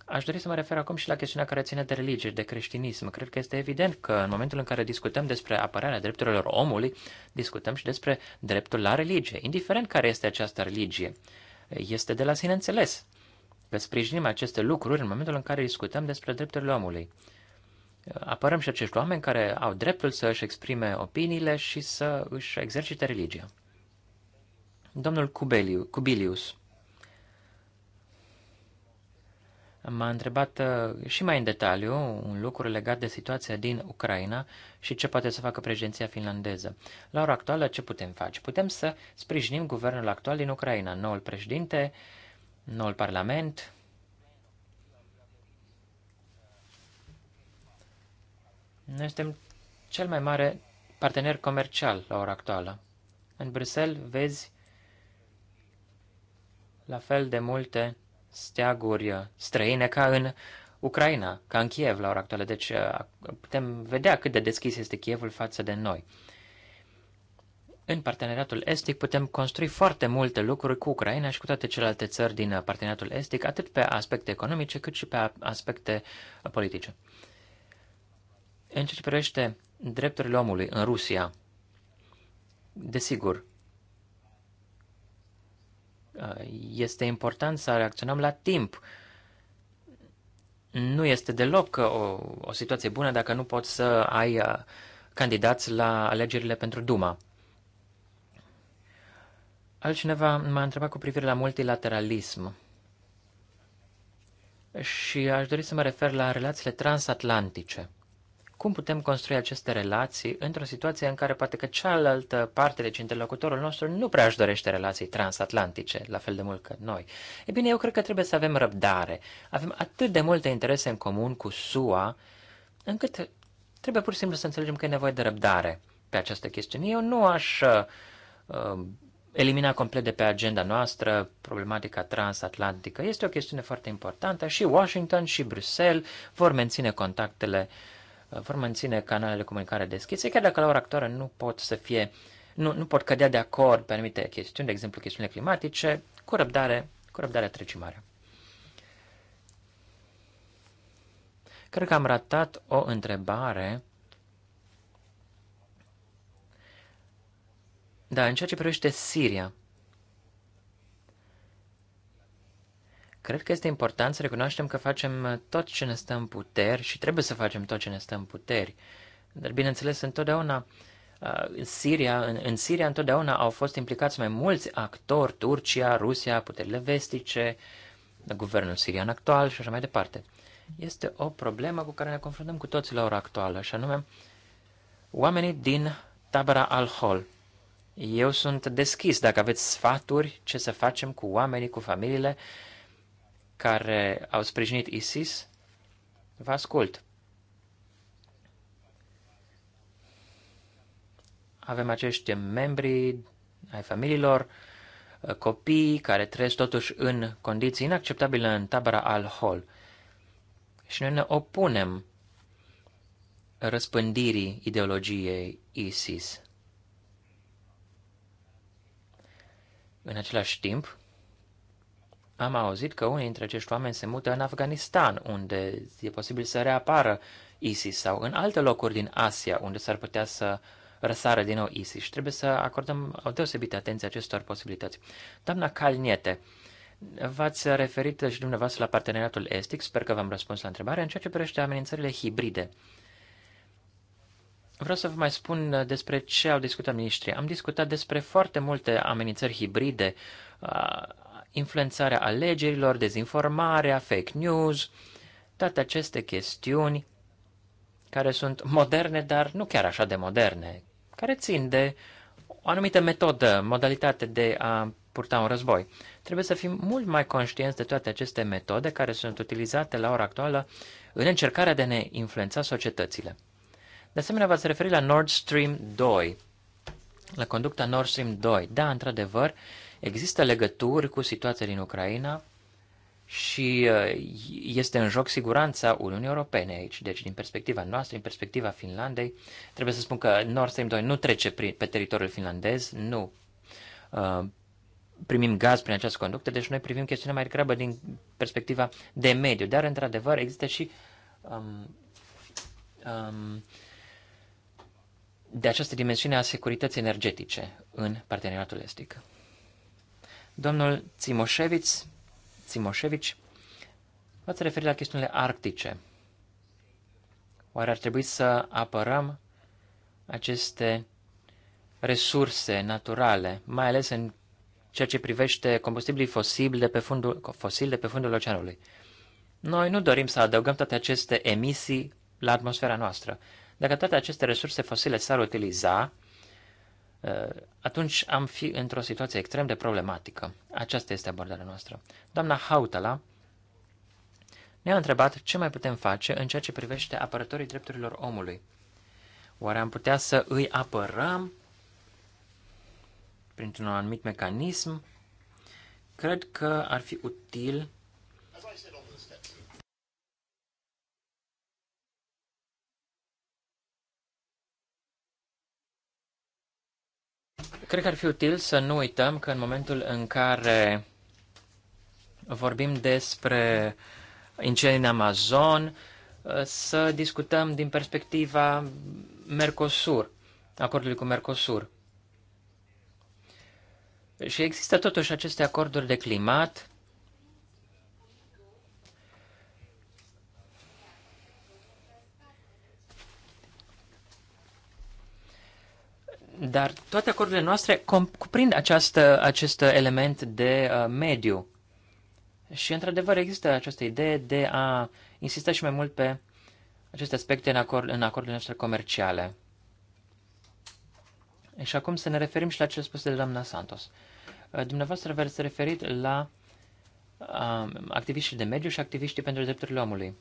Aș dori să mă refer acum și la chestiunea care ține de religie, de creștinism. Cred că este evident că în momentul în care discutăm despre apărarea drepturilor omului, discutăm și despre dreptul la religie, indiferent care este această religie. Este de la sine înțeles că sprijinim aceste lucruri în momentul în care discutăm despre drepturile omului. Apărăm și acești oameni care au dreptul să își exprime opiniile și să își exercite religia. Domnul Cubeliu, Cubilius m-a întrebat uh, și mai în detaliu un lucru legat de situația din Ucraina și ce poate să facă președinția finlandeză. La ora actuală, ce putem face? Putem să sprijinim guvernul actual din Ucraina, noul președinte, noul parlament, Noi suntem cel mai mare partener comercial la ora actuală. În Bruxelles vezi la fel de multe steaguri uh, străine ca în Ucraina, ca în Kiev la ora actuală. Deci uh, putem vedea cât de deschis este Kievul față de noi. În parteneriatul estic putem construi foarte multe lucruri cu Ucraina și cu toate celelalte țări din uh, parteneriatul estic, atât pe aspecte economice cât și pe aspecte politice. În ce privește drepturile omului în Rusia, desigur, Uh, este important să reacționăm la timp. Nu este deloc uh, o, o situație bună dacă nu poți să ai uh, candidați la alegerile pentru Duma. Altcineva m-a întrebat cu privire la multilateralism și aș dori să mă refer la relațiile transatlantice cum putem construi aceste relații într-o situație în care poate că cealaltă parte, deci interlocutorul nostru, nu prea își dorește relații transatlantice, la fel de mult ca noi. E bine, eu cred că trebuie să avem răbdare. Avem atât de multe interese în comun cu SUA, încât trebuie pur și simplu să înțelegem că e nevoie de răbdare pe această chestiune. Eu nu aș uh, elimina complet de pe agenda noastră problematica transatlantică. Este o chestiune foarte importantă și Washington și Bruxelles vor menține contactele uh, vor menține canalele de comunicare deschise, chiar dacă la ora actuală nu pot să fie, nu, nu pot cădea de acord pe anumite chestiuni, de exemplu chestiunile climatice, cu răbdare, cu răbdare treci mare. Cred că am ratat o întrebare. Da, în ceea ce privește Siria. Cred că este important să recunoaștem că facem uh, tot ce ne stă în puteri și trebuie să facem tot ce ne stă în puteri. Dar, bineînțeles, întotdeauna uh, în Siria, în, în Siria întotdeauna au fost implicați mai mulți actori, Turcia, Rusia, puterile vestice, guvernul sirian actual și așa mai departe. Este o problemă cu care ne confruntăm cu toți la ora actuală, și anume oamenii din tabăra al-Hol. Eu sunt deschis dacă aveți sfaturi ce să facem cu oamenii, cu familiile, uh, care au sprijinit ISIS, vă ascult. Avem acești membri ai familiilor, copii care trăiesc totuși în condiții inacceptabile în tabăra al-Hol. Și noi ne opunem răspândirii ideologiei ISIS. În același timp, am auzit că unii dintre acești oameni se mută în Afganistan, unde e posibil să reapară ISIS, sau în alte locuri din Asia, unde s-ar putea să răsară din nou ISIS. Și trebuie să acordăm o deosebită atenție acestor posibilități. Doamna Calniete, v-ați referit și dumneavoastră la parteneriatul estic, sper că v-am răspuns la întrebare, în ceea ce privește amenințările hibride. Vreau să vă mai spun despre ce au discutat ministrii. Am discutat despre foarte multe amenințări hibride, influențarea alegerilor, dezinformarea, fake news, toate aceste chestiuni care sunt moderne, dar nu chiar așa de moderne, care țin de o anumită metodă, modalitate de a purta un război. Trebuie să fim mult mai conștienți de toate aceste metode care sunt utilizate la ora actuală în încercarea de a ne influența societățile. De asemenea, v-ați referit la Nord Stream 2, la conducta Nord Stream 2. Da, într-adevăr, Există legături cu situația din Ucraina și uh, este în joc siguranța Uniunii Europene aici. Deci, din perspectiva noastră, din perspectiva Finlandei, trebuie să spun că Nord Stream 2 nu trece prin, pe teritoriul finlandez, nu uh, primim gaz prin această conductă, deci noi privim chestiunea mai degrabă din perspectiva de mediu. Dar, într-adevăr, există și um, um, de această dimensiune a securității energetice în parteneriatul estic. Domnul Timoșevici, Timoșevici v-ați referit la chestiunile arctice. Oare ar trebui să apărăm aceste resurse naturale, mai ales în ceea ce privește combustibilii fosili de pe fundul, fosil de pe fundul oceanului? Noi nu dorim să adăugăm toate aceste emisii la atmosfera noastră. Dacă toate aceste resurse fosile s-ar utiliza, Eh, atunci am fi într-o situație extrem de problematică. Aceasta este abordarea noastră. Doamna Hautala ne-a întrebat ce mai putem face în ceea ce privește apărătorii drepturilor omului. Oare am putea să îi apărăm printr-un anumit mecanism? Cred că ar fi util Cred că ar fi util să nu uităm că în momentul în care vorbim despre incendii în Amazon, să discutăm din perspectiva Mercosur, acordului cu Mercosur. Și există totuși aceste acorduri de climat Dar toate acordurile noastre cuprind această, acest element de uh, mediu. Și, într-adevăr, există această idee de a insista și mai mult pe aceste aspecte în, acord, în acordurile noastre comerciale. Și acum să ne referim și la ce a spus de doamna Santos. Uh, dumneavoastră v-ați referit la uh, activiștii de mediu și activiștii pentru drepturile omului.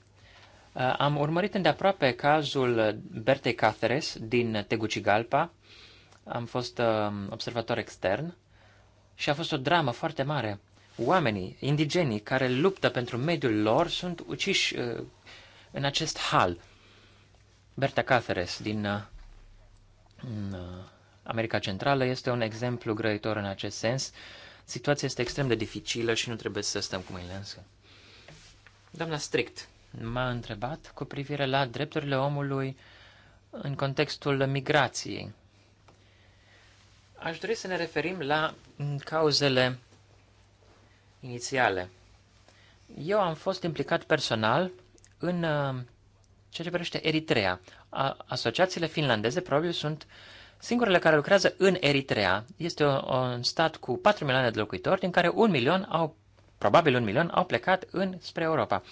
Uh, am urmărit îndeaproape cazul Bertei Cáceres din Tegucigalpa, am fost uh, observator extern și a fost o dramă foarte mare. Oamenii, indigenii care luptă pentru mediul lor sunt uciși uh, în acest hal. Berta Cáceres din uh, America Centrală este un exemplu grăitor în acest sens. Situația este extrem de dificilă și nu trebuie să stăm cu mâinile însă. Doamna Strict m-a întrebat cu privire la drepturile omului în contextul migrației Aș dori să ne referim la mm, cauzele inițiale. Eu am fost implicat personal în uh, ceea ce privește Eritrea. Asociațiile finlandeze probabil sunt singurele care lucrează în Eritrea. Este un stat cu 4 milioane de locuitori, din care un milion au, probabil un milion, au plecat în, spre Europa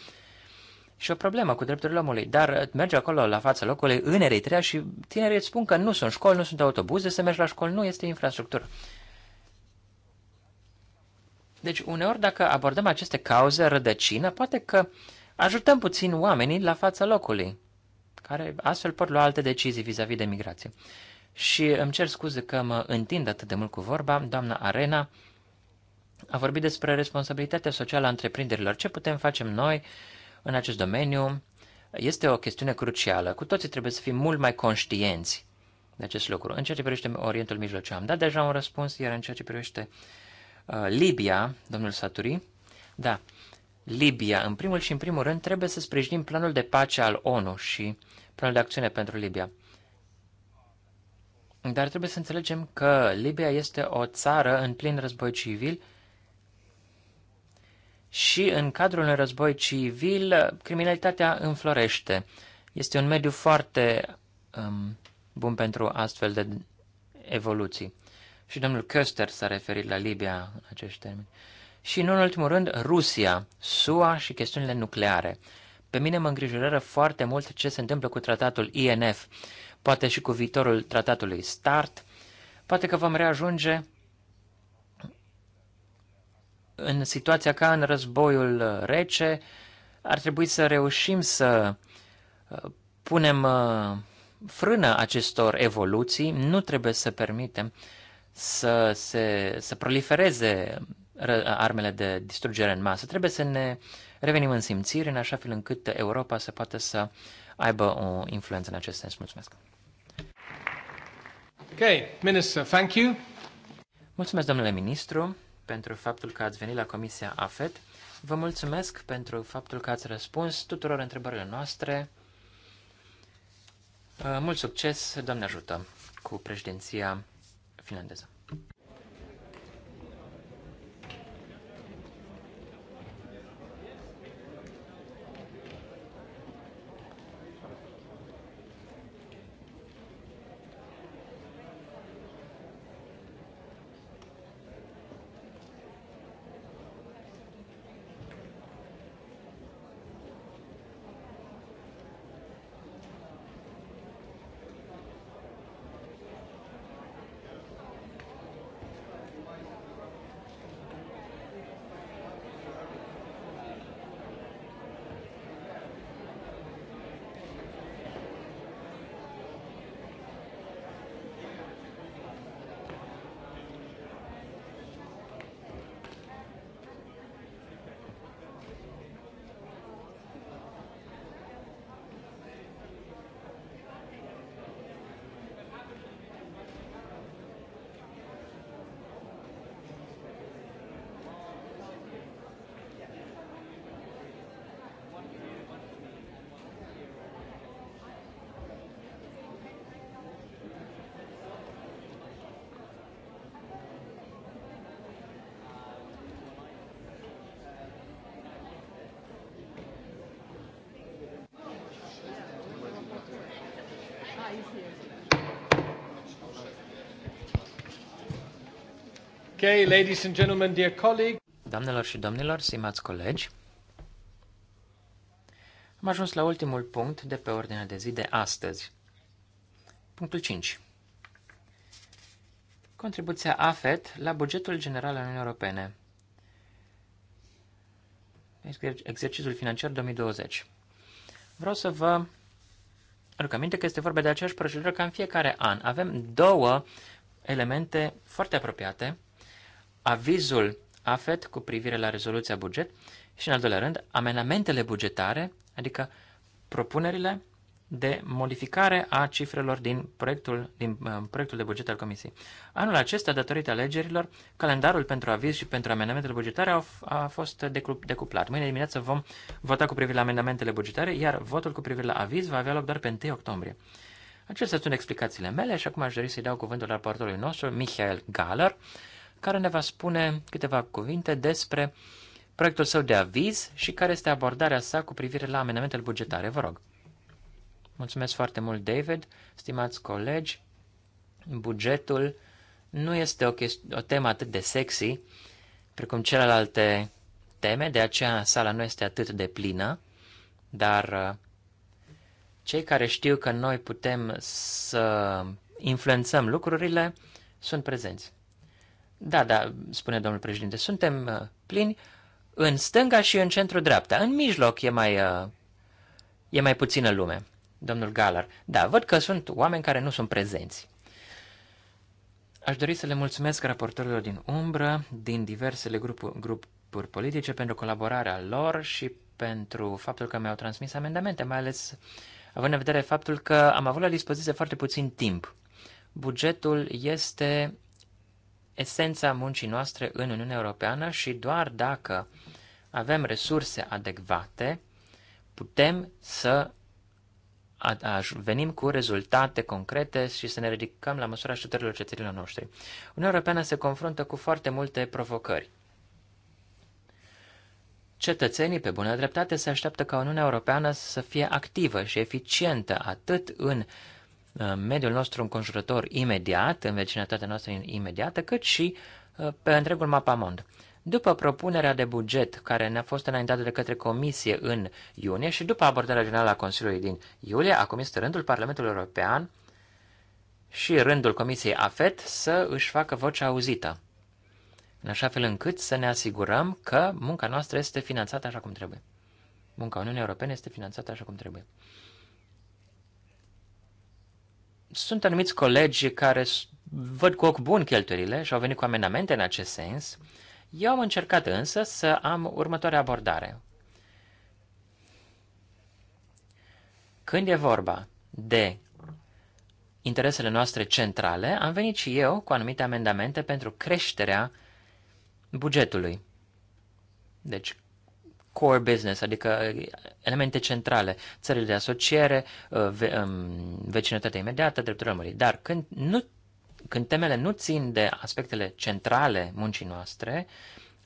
și o problemă cu drepturile omului, dar uh, merge acolo la fața locului în Eritrea și tinerii îți spun că nu sunt școli, nu sunt autobuze, să mergi la școli, nu este infrastructură. Deci, uneori, dacă abordăm aceste cauze rădăcină, poate că ajutăm puțin oamenii la fața locului, care astfel pot lua alte decizii vis-a-vis -vis de migrație. Și îmi cer scuze că mă întind atât de mult cu vorba, doamna Arena a vorbit despre responsabilitatea socială a întreprinderilor, ce putem face noi uh, în acest domeniu este o chestiune crucială. Cu toții trebuie să fim mult mai conștienți de acest lucru. În ceea ce privește Orientul Mijlociu, am dat deja un răspuns, iar în ceea ce privește uh, Libia, domnul Saturi, da, Libia, în primul și în primul rând, trebuie să sprijinim planul de pace al ONU și planul de acțiune pentru Libia. Dar trebuie să înțelegem că Libia este o țară în plin război civil și în cadrul unui război civil, criminalitatea înflorește. Este un mediu foarte um, bun pentru astfel de evoluții. Și domnul Köster s-a referit la Libia în acești termeni. Și, nu în ultimul rând, Rusia, SUA și chestiunile nucleare. Pe mine mă îngrijoră foarte mult ce se întâmplă cu tratatul INF, poate și cu viitorul tratatului START, poate că vom reajunge în situația ca în războiul rece, ar trebui să reușim să uh, punem uh, frână acestor evoluții, nu trebuie să permitem să, se, să prolifereze armele de distrugere în masă. Trebuie să ne revenim în simțiri, în așa fel încât Europa să poată să aibă o influență în acest sens. Mulțumesc! Okay, Minister, thank you. Mulțumesc, domnule ministru pentru faptul că ați venit la Comisia AFET. Vă mulțumesc pentru faptul că ați răspuns tuturor întrebările noastre. Uh, mult succes, Doamne ajută, cu președinția finlandeză. Okay, ladies and gentlemen, dear colleague. Doamnelor și domnilor, stimați colegi, am ajuns la ultimul punct de pe ordinea de zi de astăzi. Punctul 5. Contribuția AFET la bugetul general al Uniunii Europene. Exercițiul financiar 2020. Vreau să vă aduc aminte că este vorba de aceeași procedură ca în fiecare an. Avem două elemente foarte apropiate avizul AFET cu privire la rezoluția buget și, în al doilea rând, amenamentele bugetare, adică propunerile de modificare a cifrelor din proiectul, din uh, proiectul de buget al Comisiei. Anul acesta, datorită alegerilor, calendarul pentru aviz și pentru amendamentele bugetare a, a fost decuplat. Mâine dimineață vom vota cu privire la amendamentele bugetare, iar votul cu privire la aviz va avea loc doar pe 1 octombrie. Acestea sunt explicațiile mele și acum aș dori să-i dau cuvântul raportorului nostru, Michael Galler, care ne va spune câteva cuvinte despre proiectul său de aviz și care este abordarea sa cu privire la amendamentele bugetare. Vă rog. Mulțumesc foarte mult, David, stimați colegi. Bugetul nu este o, o temă atât de sexy precum celelalte teme, de aceea sala nu este atât de plină, dar uh, cei care știu că noi putem să influențăm lucrurile sunt prezenți. Da, da, spune domnul președinte, suntem uh, plini în stânga și în centru-dreapta. În mijloc e mai, uh, e mai puțină lume, domnul Galar. Da, văd că sunt oameni care nu sunt prezenți. Aș dori să le mulțumesc raportorilor din umbră, din diversele grupuri, grupuri politice, pentru colaborarea lor și pentru faptul că mi-au transmis amendamente, mai ales având în vedere faptul că am avut la dispoziție foarte puțin timp. Bugetul este esența muncii noastre în Uniunea Europeană și doar dacă avem resurse adecvate, putem să venim cu rezultate concrete și să ne ridicăm la măsura așteptărilor cetățenilor noștri. Uniunea Europeană se confruntă cu foarte multe provocări. Cetățenii, pe bună dreptate, se așteaptă ca Uniunea Europeană să fie activă și eficientă atât în Uh, mediul nostru înconjurător imediat, în vecinătatea noastră imediată, cât și uh, pe întregul mapamond. După propunerea de buget care ne-a fost înaintată de către Comisie în iunie și după abordarea generală a Consiliului din iulie, acum este rândul Parlamentului European și rândul Comisiei AFET să își facă vocea auzită, în așa fel încât să ne asigurăm că munca noastră este finanțată așa cum trebuie. Munca Uniunii Europene este finanțată așa cum trebuie. Sunt anumiți colegi care văd cu ochi bun cheltuielile și au venit cu amendamente în acest sens. Eu am încercat însă să am următoarea abordare. Când e vorba de interesele noastre centrale, am venit și eu cu anumite amendamente pentru creșterea bugetului. Deci, core business, adică elemente centrale, țările de asociere, uh, um, vecinătatea imediată, drepturile omului. Dar când, nu, când temele nu țin de aspectele centrale muncii noastre,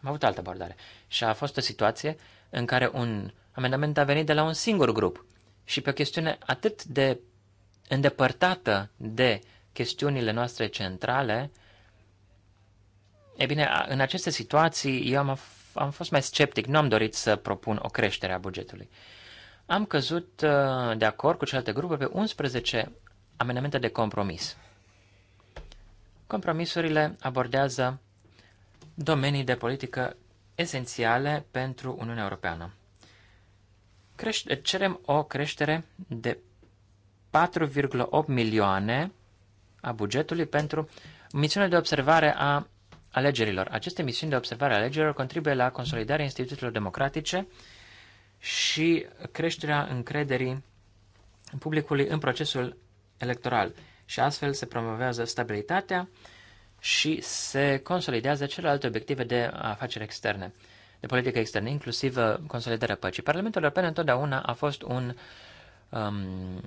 am avut altă abordare. Și a fost o situație în care un amendament a venit de la un singur grup și pe o chestiune atât de îndepărtată de chestiunile noastre centrale, e bine, în aceste situații eu am am fost mai sceptic, nu am dorit să propun o creștere a bugetului. Am căzut uh, de acord cu celelalte grupuri pe 11 amendamente de compromis. Compromisurile abordează domenii de politică esențiale pentru Uniunea Europeană. Crește, cerem o creștere de 4,8 milioane a bugetului pentru misiunea de observare a alegerilor. Aceste misiuni de observare a alegerilor contribuie la consolidarea instituțiilor democratice și creșterea încrederii publicului în procesul electoral. Și astfel se promovează stabilitatea și se consolidează celelalte obiective de afaceri externe, de politică externă, inclusiv consolidarea păcii. Parlamentul European întotdeauna a fost un um,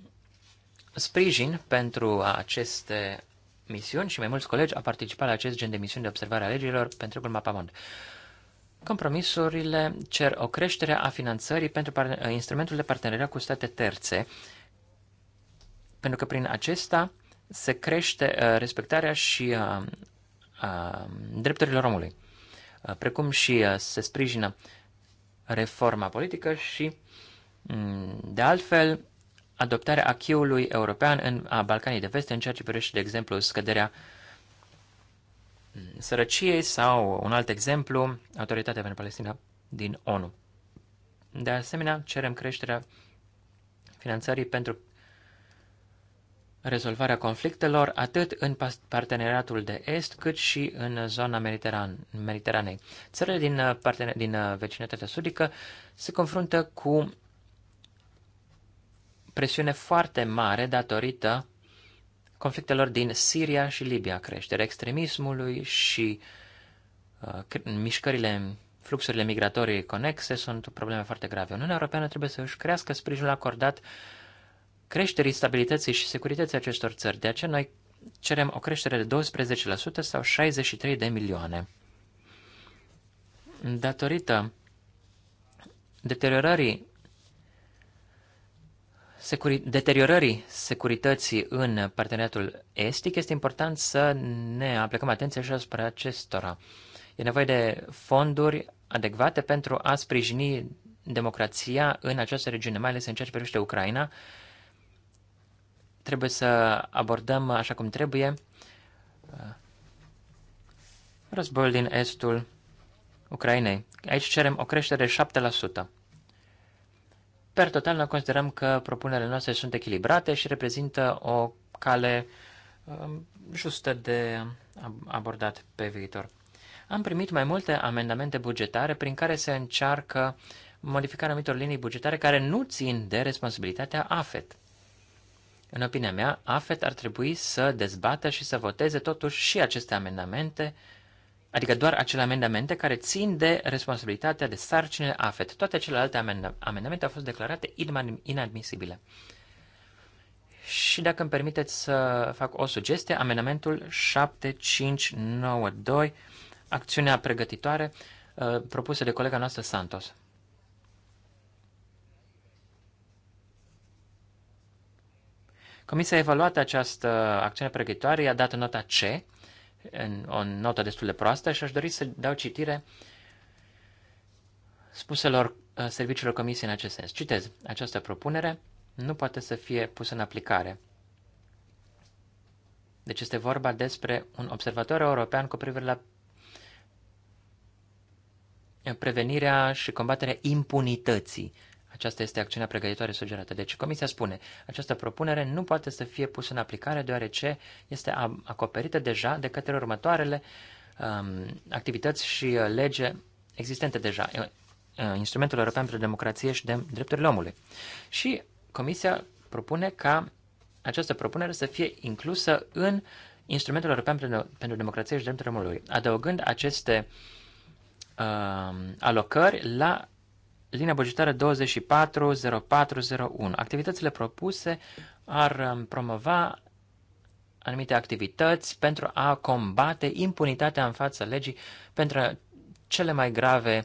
sprijin pentru aceste misiuni și mai mulți colegi au participat la acest gen de misiuni de observare a legilor pentru Gulma Pamond. Compromisurile cer o creștere a finanțării pentru uh, instrumentul de parteneriat cu state terțe, pentru că prin acesta se crește uh, respectarea și uh, uh, drepturilor omului, uh, precum și se sprijină reforma politică și, mm, de altfel, adoptarea achiului european în a Balcanii de Vest în ceea ce privește, de exemplu, scăderea sărăciei sau, un alt exemplu, Autoritatea pentru Palestina din ONU. De asemenea, cerem creșterea finanțării pentru rezolvarea conflictelor atât în parteneriatul de est cât și în zona Mediteranei. Țările din, uh, partener- din uh, vecinătatea sudică se confruntă cu presiune foarte mare datorită conflictelor din Siria și Libia, creșterea extremismului și uh, mișcările, fluxurile migratorii conexe sunt probleme foarte grave. Uniunea Europeană trebuie să își crească sprijinul acordat creșterii stabilității și securității acestor țări. De aceea noi cerem o creștere de 12% sau 63 de milioane. Datorită deteriorării securi- deteriorării securității în parteneriatul estic, este important să ne aplicăm atenția și asupra acestora. E nevoie de fonduri adecvate pentru a sprijini democrația în această regiune, mai ales în ceea ce privește Ucraina. Trebuie să abordăm așa cum trebuie uh, războiul din estul Ucrainei. Aici cerem o creștere de 7%. Per total, noi considerăm că propunerile noastre sunt echilibrate și reprezintă o cale um, justă de abordat pe viitor. Am primit mai multe amendamente bugetare prin care se încearcă modificarea anumitor linii bugetare care nu țin de responsabilitatea AFET. În opinia mea, AFET ar trebui să dezbată și să voteze totuși și aceste amendamente adică doar acele amendamente care țin de responsabilitatea de sarcinile AFET. Toate celelalte amendamente au fost declarate inadmisibile. Și dacă îmi permiteți să fac o sugestie, amendamentul 7592, acțiunea pregătitoare uh, propusă de colega noastră Santos. Comisia a evaluat această acțiune pregătitoare, i-a dat nota C în o notă destul de proastă și aș dori să dau citire spuselor uh, serviciilor comisiei în acest sens. Citez, această propunere nu poate să fie pusă în aplicare. Deci este vorba despre un observator european cu privire la prevenirea și combaterea impunității aceasta este acțiunea pregătitoare sugerată. Deci comisia spune, această propunere nu poate să fie pusă în aplicare deoarece este acoperită deja de către următoarele um, activități și uh, lege existente deja. Uh, instrumentul European pentru Democrație și de Drepturile Omului. Și comisia propune ca această propunere să fie inclusă în Instrumentul European pentru Democrație și Drepturile Omului, adăugând aceste uh, alocări la Linia bugetară 240401. Activitățile propuse ar um, promova anumite activități pentru a combate impunitatea în fața legii pentru cele mai grave uh,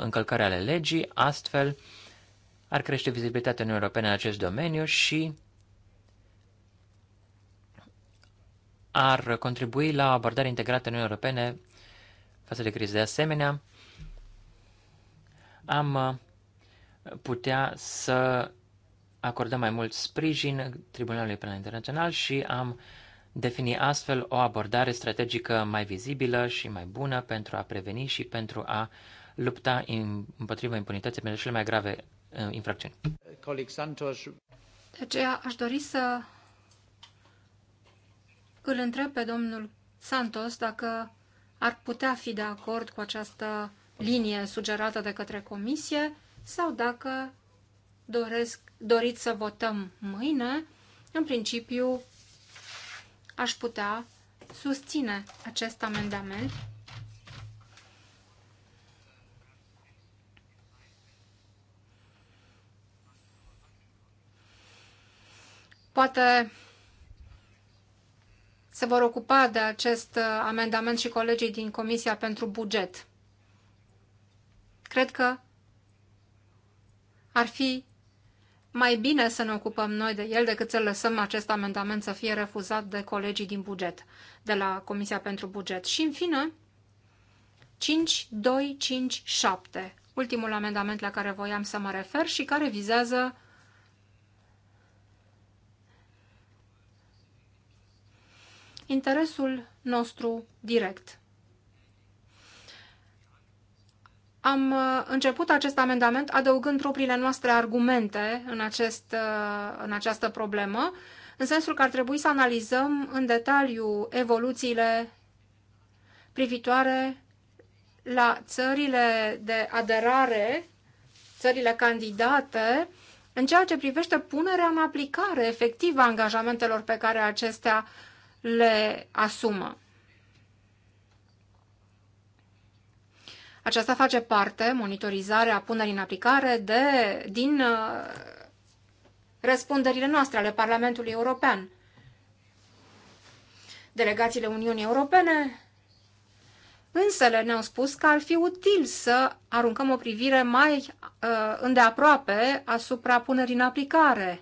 încălcări ale legii, astfel ar crește vizibilitatea Uniunii Europene în acest domeniu și ar contribui la abordarea integrată Uniunii Europene față de crize. De asemenea, am uh, putea să acordăm mai mult sprijin Tribunalului Penal Internațional și am defini astfel o abordare strategică mai vizibilă și mai bună pentru a preveni și pentru a lupta împotriva impunității pentru cele mai grave uh, infracțiuni. Santos. De aceea aș dori să îl întreb pe domnul Santos dacă ar putea fi de acord cu această linie sugerată de către comisie sau dacă doresc, doriți să votăm mâine, în principiu aș putea susține acest amendament poate se vor ocupa de acest amendament și colegii din Comisia pentru Buget. Cred că ar fi mai bine să ne ocupăm noi de el decât să lăsăm acest amendament să fie refuzat de colegii din buget, de la Comisia pentru Buget. Și, în fine, 5257, ultimul amendament la care voiam să mă refer și care vizează interesul nostru direct. Am uh, început acest amendament adăugând propriile noastre argumente în, acest, uh, în această problemă, în sensul că ar trebui să analizăm în detaliu evoluțiile privitoare la țările de aderare, țările candidate, în ceea ce privește punerea în aplicare efectivă a angajamentelor pe care acestea le asumă. Aceasta face parte, monitorizarea punerii în aplicare, de, din uh, răspunderile noastre ale Parlamentului European. Delegațiile Uniunii Europene Însă ne-au spus că ar fi util să aruncăm o privire mai uh, îndeaproape asupra punerii în aplicare.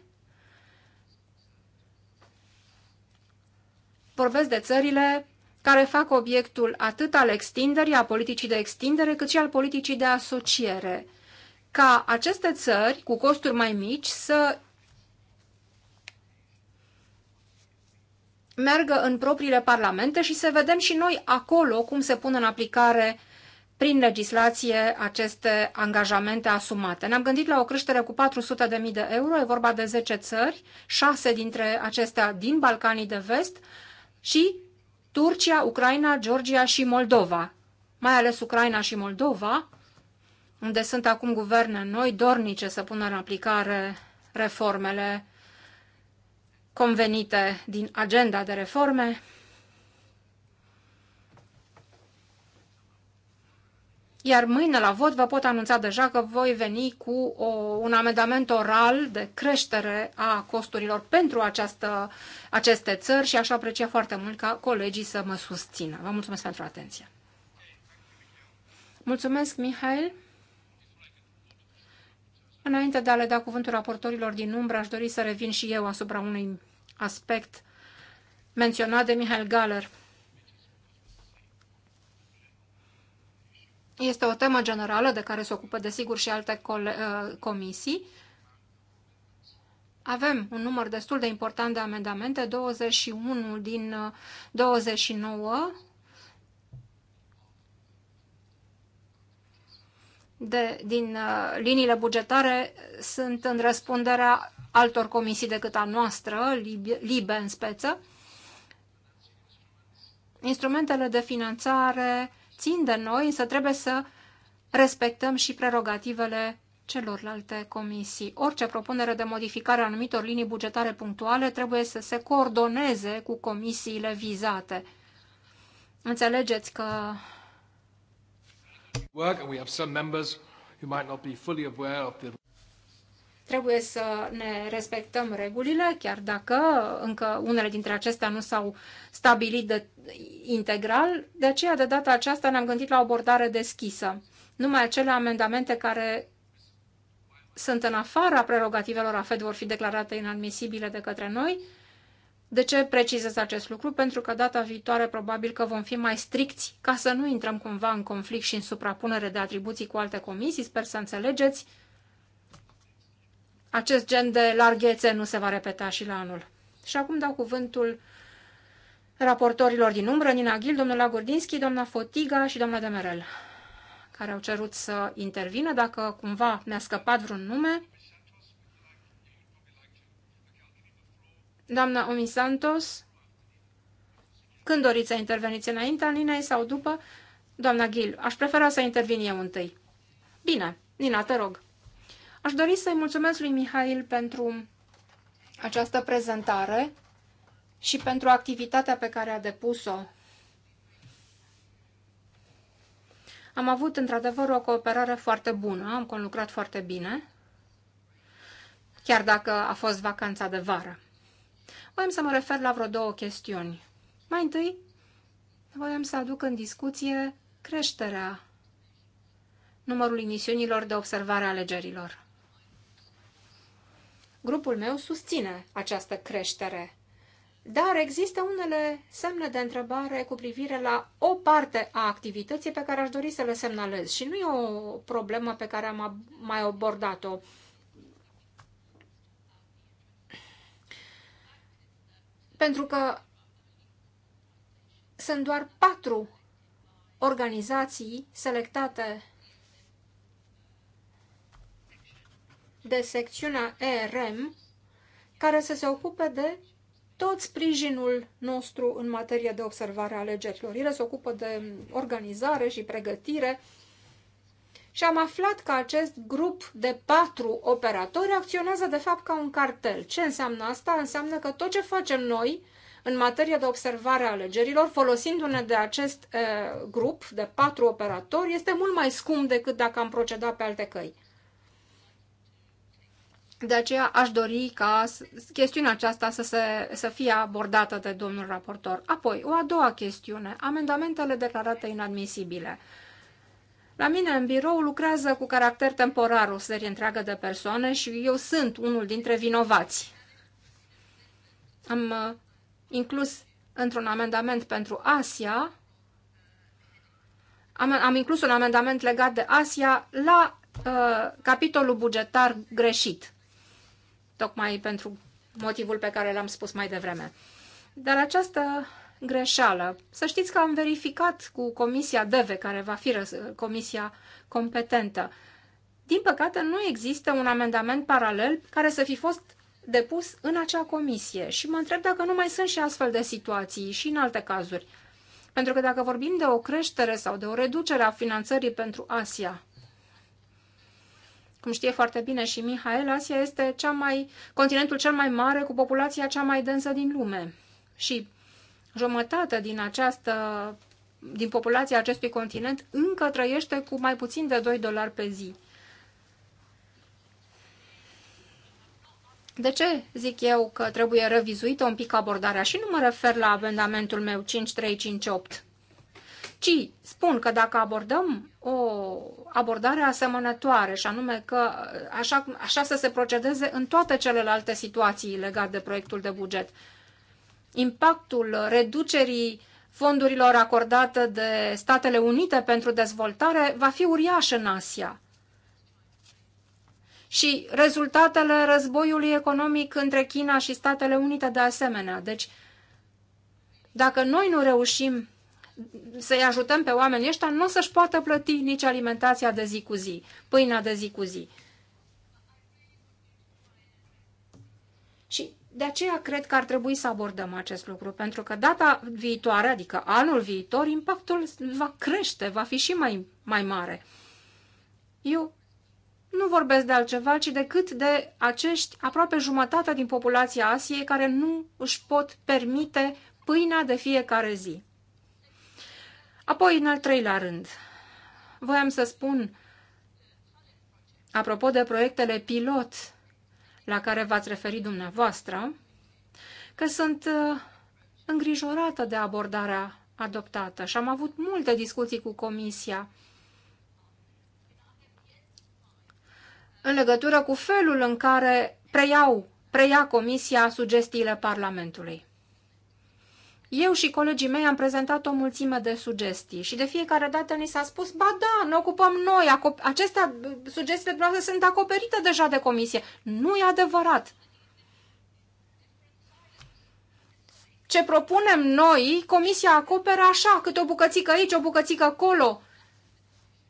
Vorbesc de țările care fac obiectul atât al extinderii, a politicii de extindere, cât și al politicii de asociere. Ca aceste țări, cu costuri mai mici, să meargă în propriile parlamente și să vedem și noi acolo cum se pun în aplicare prin legislație aceste angajamente asumate. Ne-am gândit la o creștere cu 400.000 de euro, e vorba de 10 țări, 6 dintre acestea din Balcanii de Vest și Turcia, Ucraina, Georgia și Moldova. Mai ales Ucraina și Moldova, unde sunt acum guverne noi dornice să pună în aplicare reformele convenite din agenda de reforme, iar mâine la vot vă pot anunța deja că voi veni cu o, un amendament oral de creștere a costurilor pentru această, aceste țări și aș aprecia foarte mult ca colegii să mă susțină. Vă mulțumesc pentru atenție. Mulțumesc, Mihail. Înainte de a le da cuvântul raportorilor din umbră, aș dori să revin și eu asupra unui aspect menționat de Mihail Galler. Este o temă generală de care se ocupă, desigur, și alte uh, comisii. Avem un număr destul de important de amendamente, 21 din 29 uh, de, din uh, liniile bugetare sunt în răspunderea altor comisii decât a noastră, LIBE în speță. Instrumentele de finanțare țin de noi, însă trebuie să respectăm și prerogativele celorlalte comisii. Orice propunere de modificare a anumitor linii bugetare punctuale trebuie să se coordoneze cu comisiile vizate. Înțelegeți că work and we have some members who might not be fully aware of the Trebuie să ne respectăm regulile, chiar dacă încă unele dintre acestea nu s-au stabilit de, integral. De aceea, de data aceasta, ne-am gândit la o abordare deschisă. Numai acele amendamente care sunt în afara prerogativelor AFED vor fi declarate inadmisibile de către noi. De ce precizez acest lucru? Pentru că data viitoare probabil că vom fi mai stricți ca să nu intrăm cumva în conflict și în suprapunere de atribuții cu alte comisii. Sper să înțelegeți acest gen de larghețe nu se va repeta și la anul. Și acum dau cuvântul raportorilor din umbră, Nina Ghil, domnul Lagurdinski, doamna Fotiga și doamna Demerel, care au cerut să intervină dacă cumva mi-a scăpat vreun nume. Doamna Omi Santos, când doriți să interveniți înainte, Ninei sau după? Doamna Ghil, aș prefera să intervin eu întâi. Bine, Nina, te rog. Aș dori să-i mulțumesc lui Mihail pentru această prezentare și pentru activitatea pe care a depus-o. Am avut într-adevăr o cooperare foarte bună, am conlucrat foarte bine, chiar dacă a fost vacanța de vară. Voiam să mă refer la vreo două chestiuni. Mai întâi, voiam să aduc în discuție creșterea numărului misiunilor de observare a alegerilor. Grupul meu susține această creștere, dar există unele semne de întrebare cu privire la o parte a activității pe care aș dori să le semnalez și nu e o problemă pe care am mai abordat-o. Pentru că sunt doar patru organizații selectate de secțiunea ERM, care să se ocupe de tot sprijinul nostru în materie de observare a alegerilor. Ele se ocupă de organizare și pregătire și am aflat că acest grup de patru operatori acționează de fapt ca un cartel. Ce înseamnă asta? Înseamnă că tot ce facem noi în materie de observare a alegerilor, folosindu-ne de acest uh, grup de patru operatori, este mult mai scump decât dacă am proceda pe alte căi. De aceea aș dori ca chestiunea aceasta să, se, să fie abordată de domnul raportor. Apoi, o a doua chestiune, amendamentele declarate inadmisibile. La mine în birou lucrează cu caracter temporar o serie întreagă de persoane și eu sunt unul dintre vinovați. Am uh, inclus într-un amendament pentru Asia, am, am inclus un amendament legat de Asia la uh, capitolul bugetar greșit tocmai pentru motivul pe care l-am spus mai devreme. Dar această greșeală, să știți că am verificat cu comisia DEVE, care va fi comisia competentă, din păcate, nu există un amendament paralel care să fi fost depus în acea comisie și mă întreb dacă nu mai sunt și astfel de situații și în alte cazuri. Pentru că dacă vorbim de o creștere sau de o reducere a finanțării pentru Asia, cum știe foarte bine și Mihail, Asia este cea mai, continentul cel mai mare cu populația cea mai densă din lume. Și jumătate din această din populația acestui continent încă trăiește cu mai puțin de 2 dolari pe zi. De ce zic eu că trebuie revizuită un pic abordarea? Și nu mă refer la amendamentul meu 5358, ci spun că dacă abordăm o abordare asemănătoare, și anume că uh, așa, așa să se procedeze în toate celelalte situații legate de proiectul de buget, impactul reducerii fondurilor acordate de Statele Unite pentru dezvoltare va fi uriaș în Asia. Și rezultatele războiului economic între China și Statele Unite de asemenea. Deci, dacă noi nu reușim să-i ajutăm pe oamenii ăștia, nu o să-și poată plăti nici alimentația de zi cu zi, pâinea de zi cu zi. Și de aceea cred că ar trebui să abordăm acest lucru, pentru că data viitoare, adică anul viitor, impactul va crește, va fi și mai, mai mare. Eu nu vorbesc de altceva, ci decât de acești aproape jumătate din populația Asiei care nu își pot permite pâinea de fiecare zi. Apoi, în al treilea rând, voiam să spun, apropo de proiectele pilot la care v-ați referit dumneavoastră, că sunt uh, îngrijorată de abordarea adoptată și am avut multe discuții cu Comisia în legătură cu felul în care preiau, preia Comisia sugestiile Parlamentului. Eu și colegii mei am prezentat o mulțime de sugestii și de fiecare dată ni s-a spus, ba da, ne ocupăm noi, acestea, sugestiile dumneavoastră sunt acoperite deja de comisie. Nu e adevărat. Ce propunem noi, comisia acoperă așa, câte o bucățică aici, o bucățică acolo.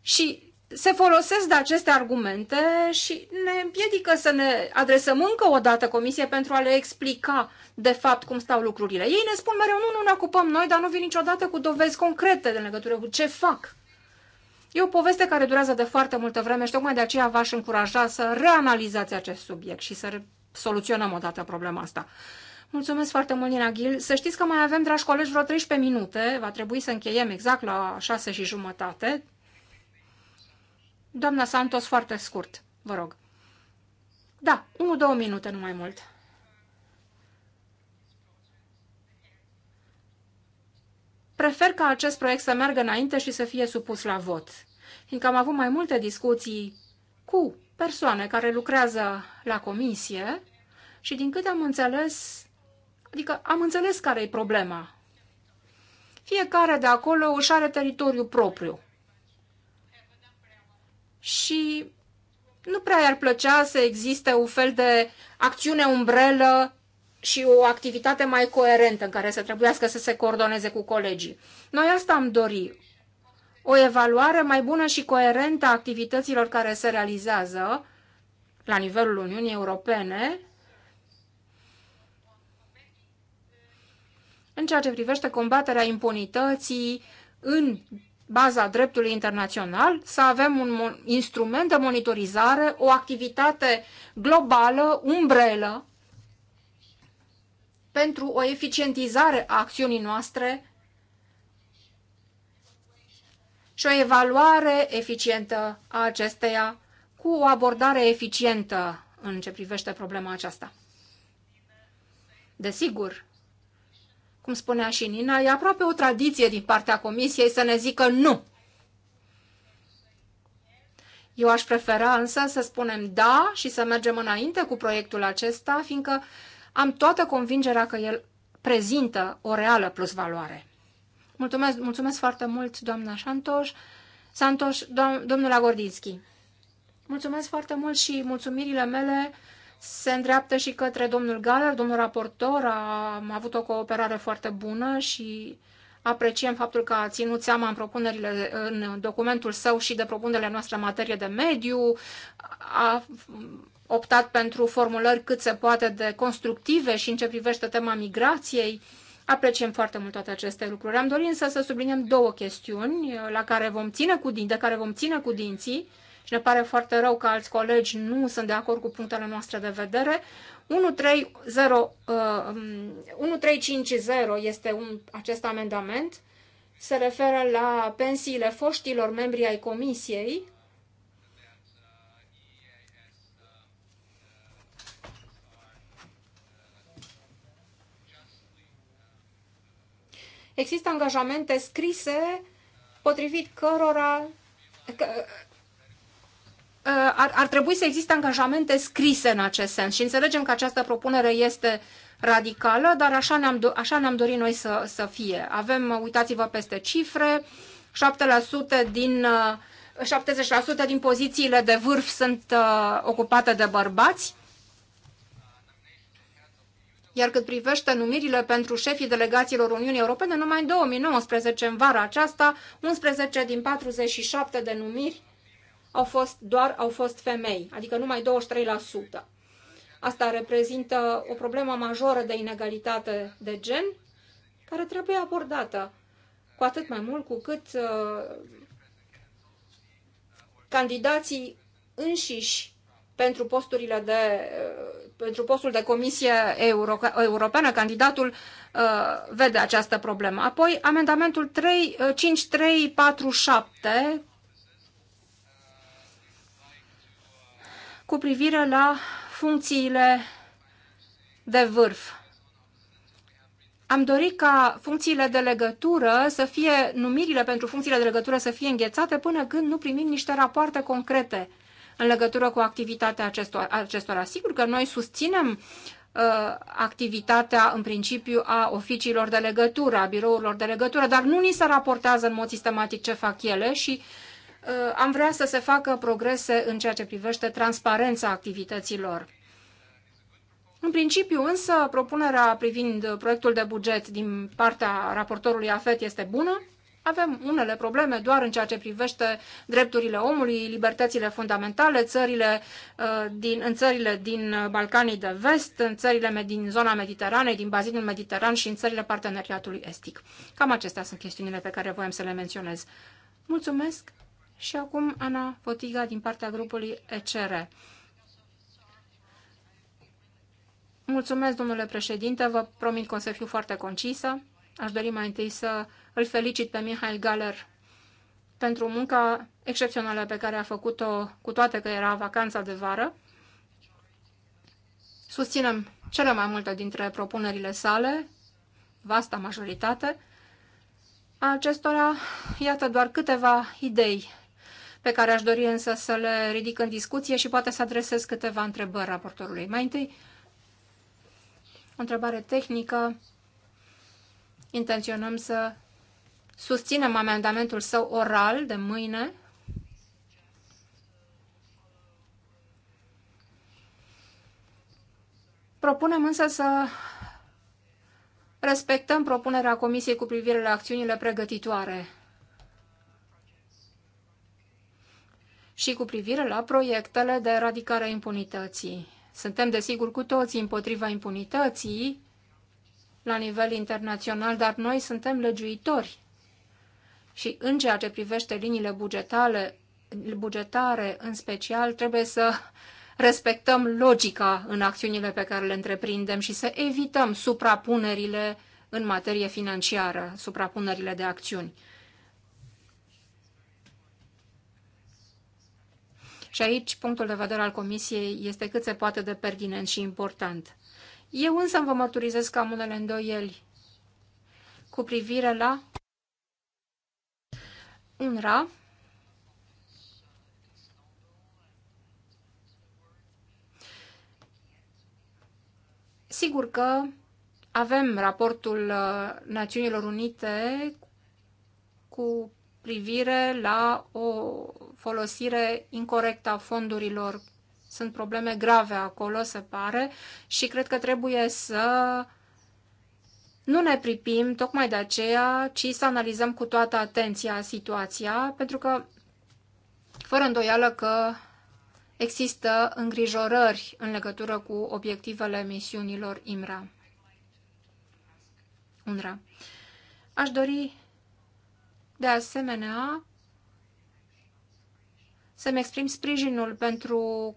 Și se folosesc de aceste argumente și ne împiedică să ne adresăm încă o dată comisie pentru a le explica de fapt cum stau lucrurile. Ei ne spun mereu, nu, nu ne ocupăm noi, dar nu vin niciodată cu dovezi concrete de legătură cu ce fac. E o poveste care durează de foarte multă vreme și tocmai de aceea v-aș încuraja să reanalizați acest subiect și să soluționăm odată problema asta. Mulțumesc foarte mult, Nina Ghil. Să știți că mai avem, dragi colegi, vreo 13 minute. Va trebui să încheiem exact la 6 și jumătate. Doamna Santos, foarte scurt, vă rog. Da, 1-2 minute, nu mai mult. Prefer ca acest proiect să meargă înainte și să fie supus la vot, fiindcă am avut mai multe discuții cu persoane care lucrează la comisie și din câte am înțeles, adică am înțeles care e problema. Fiecare de acolo își are teritoriu propriu și nu prea i-ar plăcea să existe un fel de acțiune umbrelă și o activitate mai coerentă în care să trebuiască să se coordoneze cu colegii. Noi asta am dori. O evaluare mai bună și coerentă a activităților care se realizează la nivelul Uniunii Europene în ceea ce privește combaterea impunității în baza dreptului internațional, să avem un instrument de monitorizare, o activitate globală, umbrelă, pentru o eficientizare a acțiunii noastre și o evaluare eficientă a acesteia cu o abordare eficientă în ce privește problema aceasta. Desigur, cum spunea și Nina, e aproape o tradiție din partea comisiei să ne zică nu. Eu aș prefera însă să spunem da și să mergem înainte cu proiectul acesta, fiindcă am toată convingerea că el prezintă o reală plus valoare. Mulțumesc, mulțumesc foarte mult, doamna Santos, Santoș, domnul Agordinski. Mulțumesc foarte mult și mulțumirile mele se îndreaptă și către domnul Galer, domnul raportor, a avut o cooperare foarte bună și apreciem faptul că a ținut seama în propunerile, în documentul său și de propunerile noastre în materie de mediu, a optat pentru formulări cât se poate de constructive și în ce privește tema migrației. Apreciem foarte mult toate aceste lucruri. Am dorit însă să subliniem două chestiuni la care vom ține cu din, de care vom ține cu dinții și ne pare foarte rău că alți colegi nu sunt de acord cu punctele noastre de vedere. 130, uh, 1350 um, este un, acest amendament, se referă la pensiile foștilor membri ai comisiei, Există angajamente scrise potrivit cărora Uh, ar, ar trebui să existe angajamente scrise în acest sens și înțelegem că această propunere este radicală, dar așa ne-am, do- așa ne-am dorit noi să, să fie. Avem, uh, uitați-vă peste cifre, 7% din, 70% uh, din pozițiile de vârf sunt uh, ocupate de bărbați, iar cât privește numirile pentru șefii delegațiilor Uniunii Europene, numai în 2019, în vara aceasta, 11 din 47 de numiri au fost, doar au fost femei, adică numai 23%. Asta reprezintă o problemă majoră de inegalitate de gen care trebuie abordată, cu atât mai mult cu cât uh, candidații înșiși pentru posturile de uh, pentru postul de comisie euro, europeană, candidatul uh, vede această problemă. Apoi, amendamentul 3, 5347 uh, cu privire la funcțiile de vârf. Am dorit ca funcțiile de legătură să fie, numirile pentru funcțiile de legătură să fie înghețate până când nu primim niște rapoarte concrete în legătură cu activitatea acestora. acestora. Sigur că noi susținem uh, activitatea în principiu a oficiilor de legătură, a birourilor de legătură, dar nu ni se raportează în mod sistematic ce fac ele și uh, Uh, am vrea să se facă progrese în ceea ce privește transparența activităților. În principiu, însă, propunerea privind proiectul de buget din partea raportorului AFET este bună. Avem unele probleme doar în ceea ce privește drepturile omului, libertățile fundamentale, țările uh, din, în țările din Balcanii de Vest, în țările din zona Mediteranei, din bazinul Mediteran și în țările parteneriatului estic. Cam acestea sunt chestiunile pe care voiam să le menționez. Mulțumesc! Și acum Ana Fotiga din partea grupului ECR. Mulțumesc, domnule președinte, vă promit că o să fiu foarte concisă. Aș dori mai întâi să îl felicit pe Mihai Galer pentru munca excepțională pe care a făcut-o, cu toate că era vacanța de vară. Susținem cele mai multe dintre propunerile sale, vasta majoritate, acestora, iată doar câteva idei pe care aș dori însă să le ridic în discuție și poate să adresez câteva întrebări raportorului. Mai întâi, o întrebare tehnică. Intenționăm să susținem amendamentul său oral de mâine. Propunem însă să respectăm propunerea Comisiei cu privire la acțiunile pregătitoare și cu privire la proiectele de eradicare a impunității. Suntem, desigur, cu toții împotriva impunității la nivel internațional, dar noi suntem legiuitori. Și în ceea ce privește liniile bugetale, bugetare, în special, trebuie să respectăm logica în acțiunile pe care le întreprindem și să evităm suprapunerile în materie financiară, suprapunerile de acțiuni. Și aici punctul de vedere al Comisiei este cât se poate de pertinent și important. Eu însă vă mărturizez că am unele îndoieli cu privire la UNRWA, Sigur că avem raportul uh, Națiunilor Unite cu privire la o folosire incorrectă a fondurilor. Sunt probleme grave acolo, se pare, și cred că trebuie să nu ne pripim tocmai de aceea, ci să analizăm cu toată atenția situația, pentru că, fără îndoială că există îngrijorări în legătură cu obiectivele misiunilor IMRA. UNRWA. Aș dori de asemenea, să-mi exprim sprijinul pentru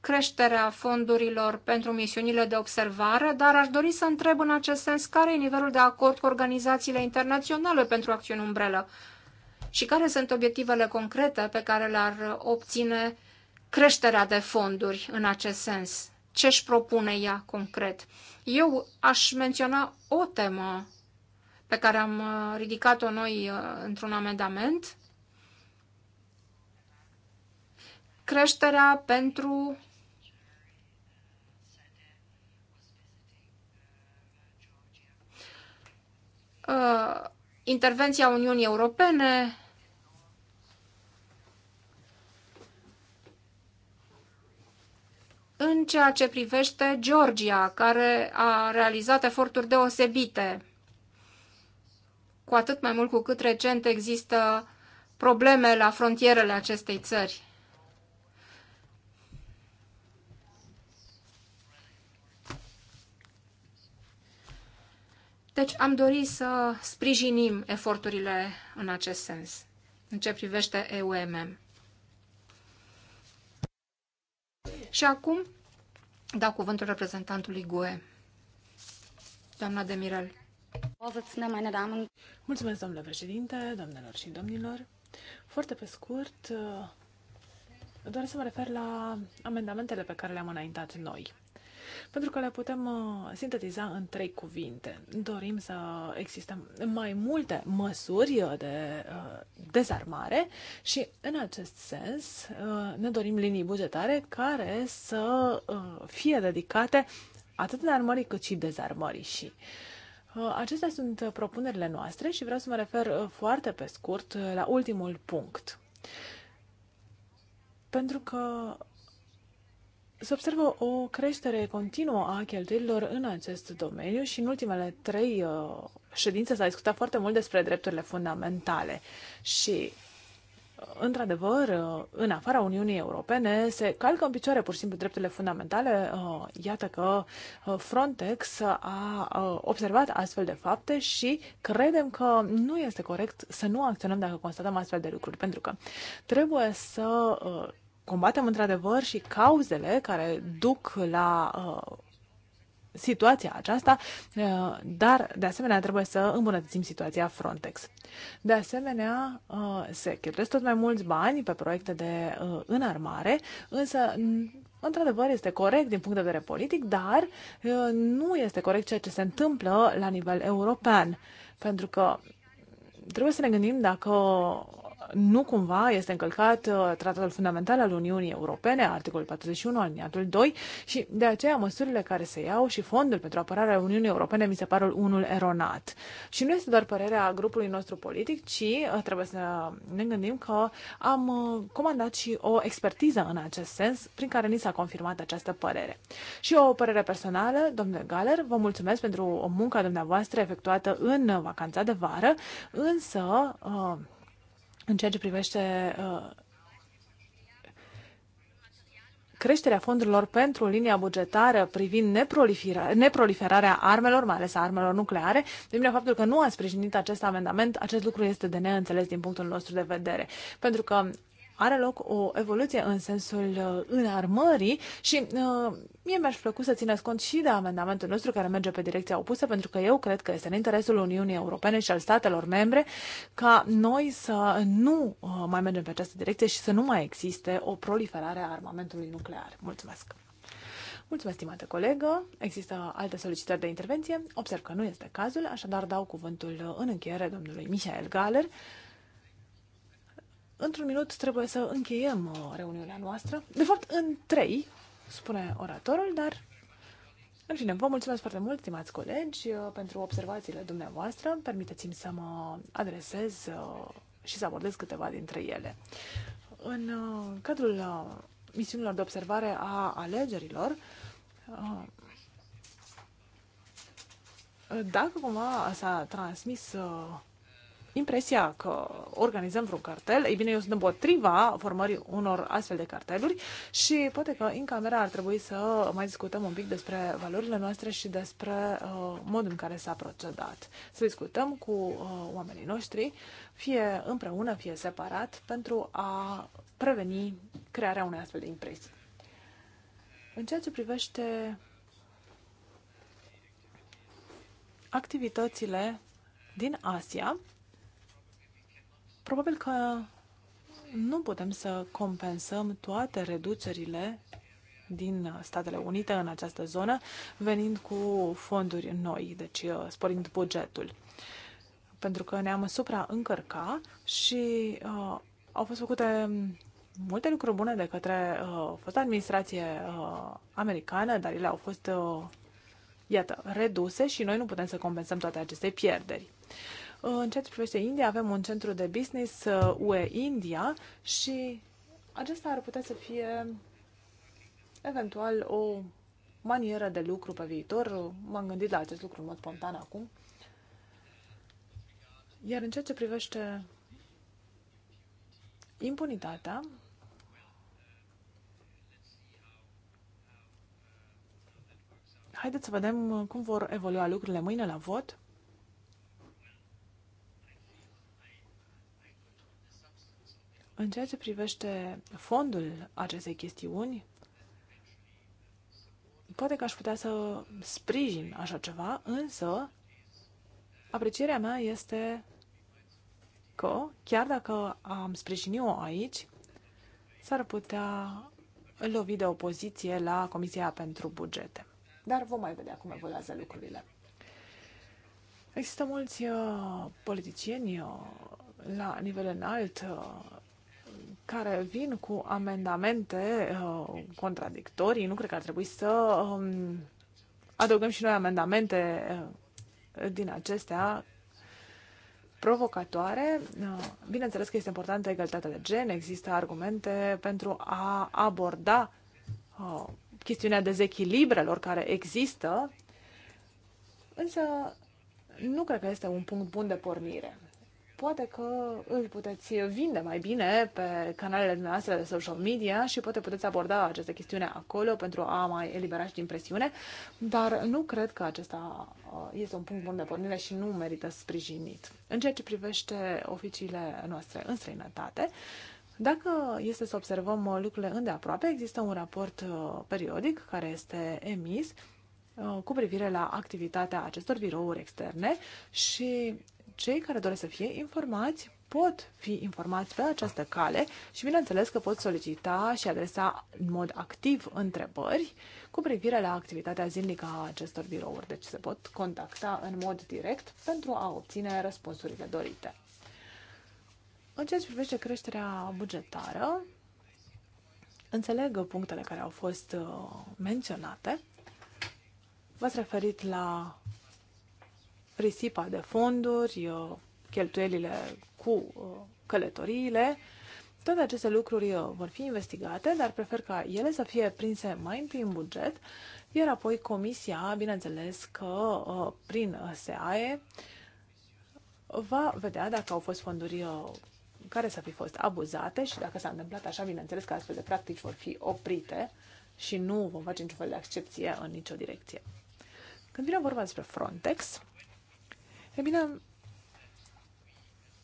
creșterea fondurilor pentru misiunile de observare, dar aș dori să întreb în acest sens care e nivelul de acord cu organizațiile internaționale pentru acțiuni umbrelă și care sunt obiectivele concrete pe care le-ar obține creșterea de fonduri în acest sens. Ce își propune ea concret? Eu aș menționa o temă pe care am uh, ridicat-o noi uh, într-un amendament. Creșterea pentru uh, intervenția Uniunii Europene în ceea ce privește Georgia, care a realizat eforturi deosebite cu atât mai mult cu cât recent există probleme la frontierele acestei țări. Deci am dorit să sprijinim eforturile în acest sens, în ce privește EUMM. Și acum dau cuvântul reprezentantului GUE, doamna Demirel. Mulțumesc, domnule președinte, doamnelor și domnilor. Foarte pe scurt, uh, doar să mă refer la amendamentele pe care le-am înaintat noi. Pentru că le putem uh, sintetiza în trei cuvinte. Dorim să existe mai multe măsuri uh, de dezarmare și, în acest sens, ne dorim linii bugetare care să fie dedicate atât de armării cât și dezarmării și uh, Uh, acestea sunt uh, propunerile noastre și vreau să mă refer uh, foarte pe scurt la ultimul punct. Pentru că se observă o creștere continuă a cheltuielilor în acest domeniu și în ultimele trei ședințe s-a discutat foarte mult despre drepturile fundamentale și într-adevăr, în afara Uniunii Europene se calcă în picioare pur și simplu drepturile fundamentale. Uh, iată că uh, Frontex a uh, observat astfel de fapte și credem că nu este corect să nu acționăm dacă constatăm astfel de lucruri, pentru că trebuie să combatem într-adevăr și cauzele care duc la uh, situația aceasta, uh, dar de asemenea trebuie să îmbunătățim situația Frontex. De asemenea, uh, se cheltuiesc tot mai mulți bani pe proiecte de uh, înarmare, însă Într-adevăr, este corect din punct de vedere politic, dar nu este corect ceea ce se întâmplă la nivel european. Pentru că trebuie să ne gândim dacă nu cumva este încălcat uh, tratatul fundamental al Uniunii Europene, articolul 41, aliniatul 2, și de aceea măsurile care se iau și fondul pentru apărarea Uniunii Europene mi se pare unul eronat. Și nu este doar părerea grupului nostru politic, ci uh, trebuie să ne gândim că am uh, comandat și o expertiză în acest sens, prin care ni s-a confirmat această părere. Și o părere personală, domnule Galer, vă mulțumesc pentru o munca dumneavoastră efectuată în vacanța de vară, însă în ceea ce privește uh, creșterea fondurilor pentru linia bugetară privind neproliferarea armelor, mai ales a armelor nucleare, de mine faptul că nu a sprijinit acest amendament, acest lucru este de neînțeles din punctul nostru de vedere. Pentru că are loc o evoluție în sensul uh, înarmării și uh, mie mi-aș plăcut să țineți cont și de amendamentul nostru care merge pe direcția opusă, pentru că eu cred că este în interesul Uniunii Europene și al statelor membre ca noi să nu uh, mai mergem pe această direcție și să nu mai existe o proliferare a armamentului nuclear. Mulțumesc! Mulțumesc, stimată colegă. Există alte solicitări de intervenție. Observ că nu este cazul, așadar dau cuvântul în încheiere domnului Michael Galer, într-un minut trebuie să încheiem uh, reuniunea noastră. De fapt, în trei, spune oratorul, dar în fine, vă mulțumesc foarte mult, stimați colegi, uh, pentru observațiile dumneavoastră. Permiteți-mi să mă adresez uh, și să abordez câteva dintre ele. În cadrul misiunilor de observare a alegerilor, dacă cumva s-a transmis impresia că organizăm vreun cartel. Ei bine, eu sunt împotriva formării unor astfel de carteluri și poate că în camera ar trebui să mai discutăm un pic despre valorile noastre și despre uh, modul în care s-a procedat. Să discutăm cu uh, oamenii noștri, fie împreună, fie separat, pentru a preveni crearea unei astfel de impresii. În ceea ce privește activitățile din Asia, Probabil că nu putem să compensăm toate reducerile din Statele Unite în această zonă, venind cu fonduri noi, deci uh, sporind bugetul. Pentru că ne-am supraîncărca și uh, au fost făcute multe lucruri bune de către uh, fost administrație uh, americană, dar ele au fost, uh, iată, reduse și noi nu putem să compensăm toate aceste pierderi. În ceea ce privește India, avem un centru de business UE uh, India și acesta ar putea să fie eventual o manieră de lucru pe viitor. M-am gândit la acest lucru în mod spontan acum. Iar în ceea ce privește impunitatea, haideți să vedem cum vor evolua lucrurile mâine la vot. În ceea ce privește fondul acestei chestiuni, poate că aș putea să sprijin așa ceva, însă aprecierea mea este că, chiar dacă am sprijinit-o aici, s-ar putea lovi de opoziție la Comisia pentru Bugete. Dar vom mai vedea cum evoluează lucrurile. Există mulți uh, politicieni uh, la nivel înalt uh, care vin cu amendamente uh, contradictorii. Nu cred că ar trebui să um, adăugăm și noi amendamente uh, din acestea provocatoare. Uh, bineînțeles că este importantă egalitatea de gen, există argumente pentru a aborda chestiunea dezechilibrelor care există, însă nu cred că este un punct bun de pornire poate că îl puteți vinde mai bine pe canalele noastre de social media și poate puteți aborda aceste chestiune acolo pentru a mai elibera și din presiune, dar nu cred că acesta uh, este un punct bun de pornire și nu merită sprijinit. În ceea ce privește oficiile noastre în străinătate, dacă este să observăm lucrurile îndeaproape, există un raport uh, periodic care este emis uh, cu privire la activitatea acestor birouri externe și cei care doresc să fie informați pot fi informați pe această cale și bineînțeles că pot solicita și adresa în mod activ întrebări cu privire la activitatea zilnică a acestor birouri. Deci se pot contacta în mod direct pentru a obține răspunsurile dorite. În ceea ce privește creșterea bugetară, înțeleg punctele care au fost uh, menționate. V-ați referit la risipa de fonduri, uh, cheltuielile cu uh, călătoriile. Toate aceste lucruri uh, vor fi investigate, dar prefer ca ele să fie prinse mai întâi în buget, iar apoi comisia, bineînțeles că prin SAE, va vedea dacă au fost fonduri care să fi fost abuzate și dacă s-a întâmplat așa, bineînțeles că astfel de practici vor fi oprite și nu vom face niciun fel de excepție în nicio direcție. Când vine vorba despre Frontex, E bine,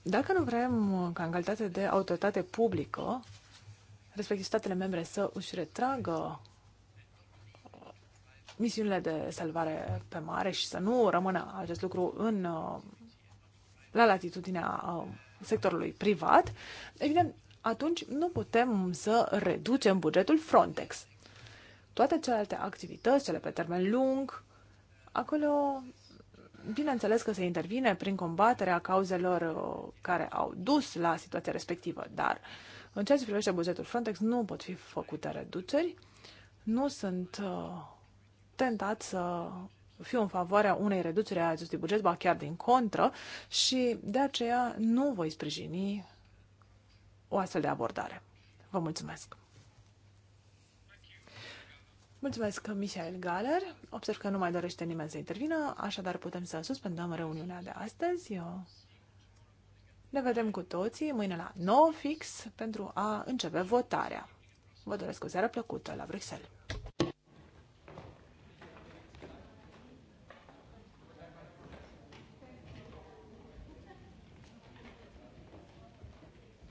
dacă nu vrem ca în calitate de autoritate publică, respectiv statele membre să își retragă uh, misiunile de salvare pe mare și să nu rămână acest lucru în, uh, la latitudinea uh, sectorului privat, evident, atunci nu putem să reducem bugetul Frontex. Toate celelalte activități, cele pe termen lung, acolo bineînțeles că se intervine prin combaterea cauzelor uh, care au dus la situația respectivă, dar în ceea ce privește bugetul Frontex nu pot fi făcute reduceri. Nu sunt uh, tentat să fiu în favoarea unei reduceri a acestui buget, ba chiar din contră, și de aceea nu voi sprijini o astfel de abordare. Vă mulțumesc! Mulțumesc, Michael Galer. Observ că nu mai dorește nimeni să intervină, așadar putem să suspendăm reuniunea de astăzi. Eu... Ne vedem cu toții mâine la 9 fix pentru a începe votarea. Vă doresc o seară plăcută la Bruxelles.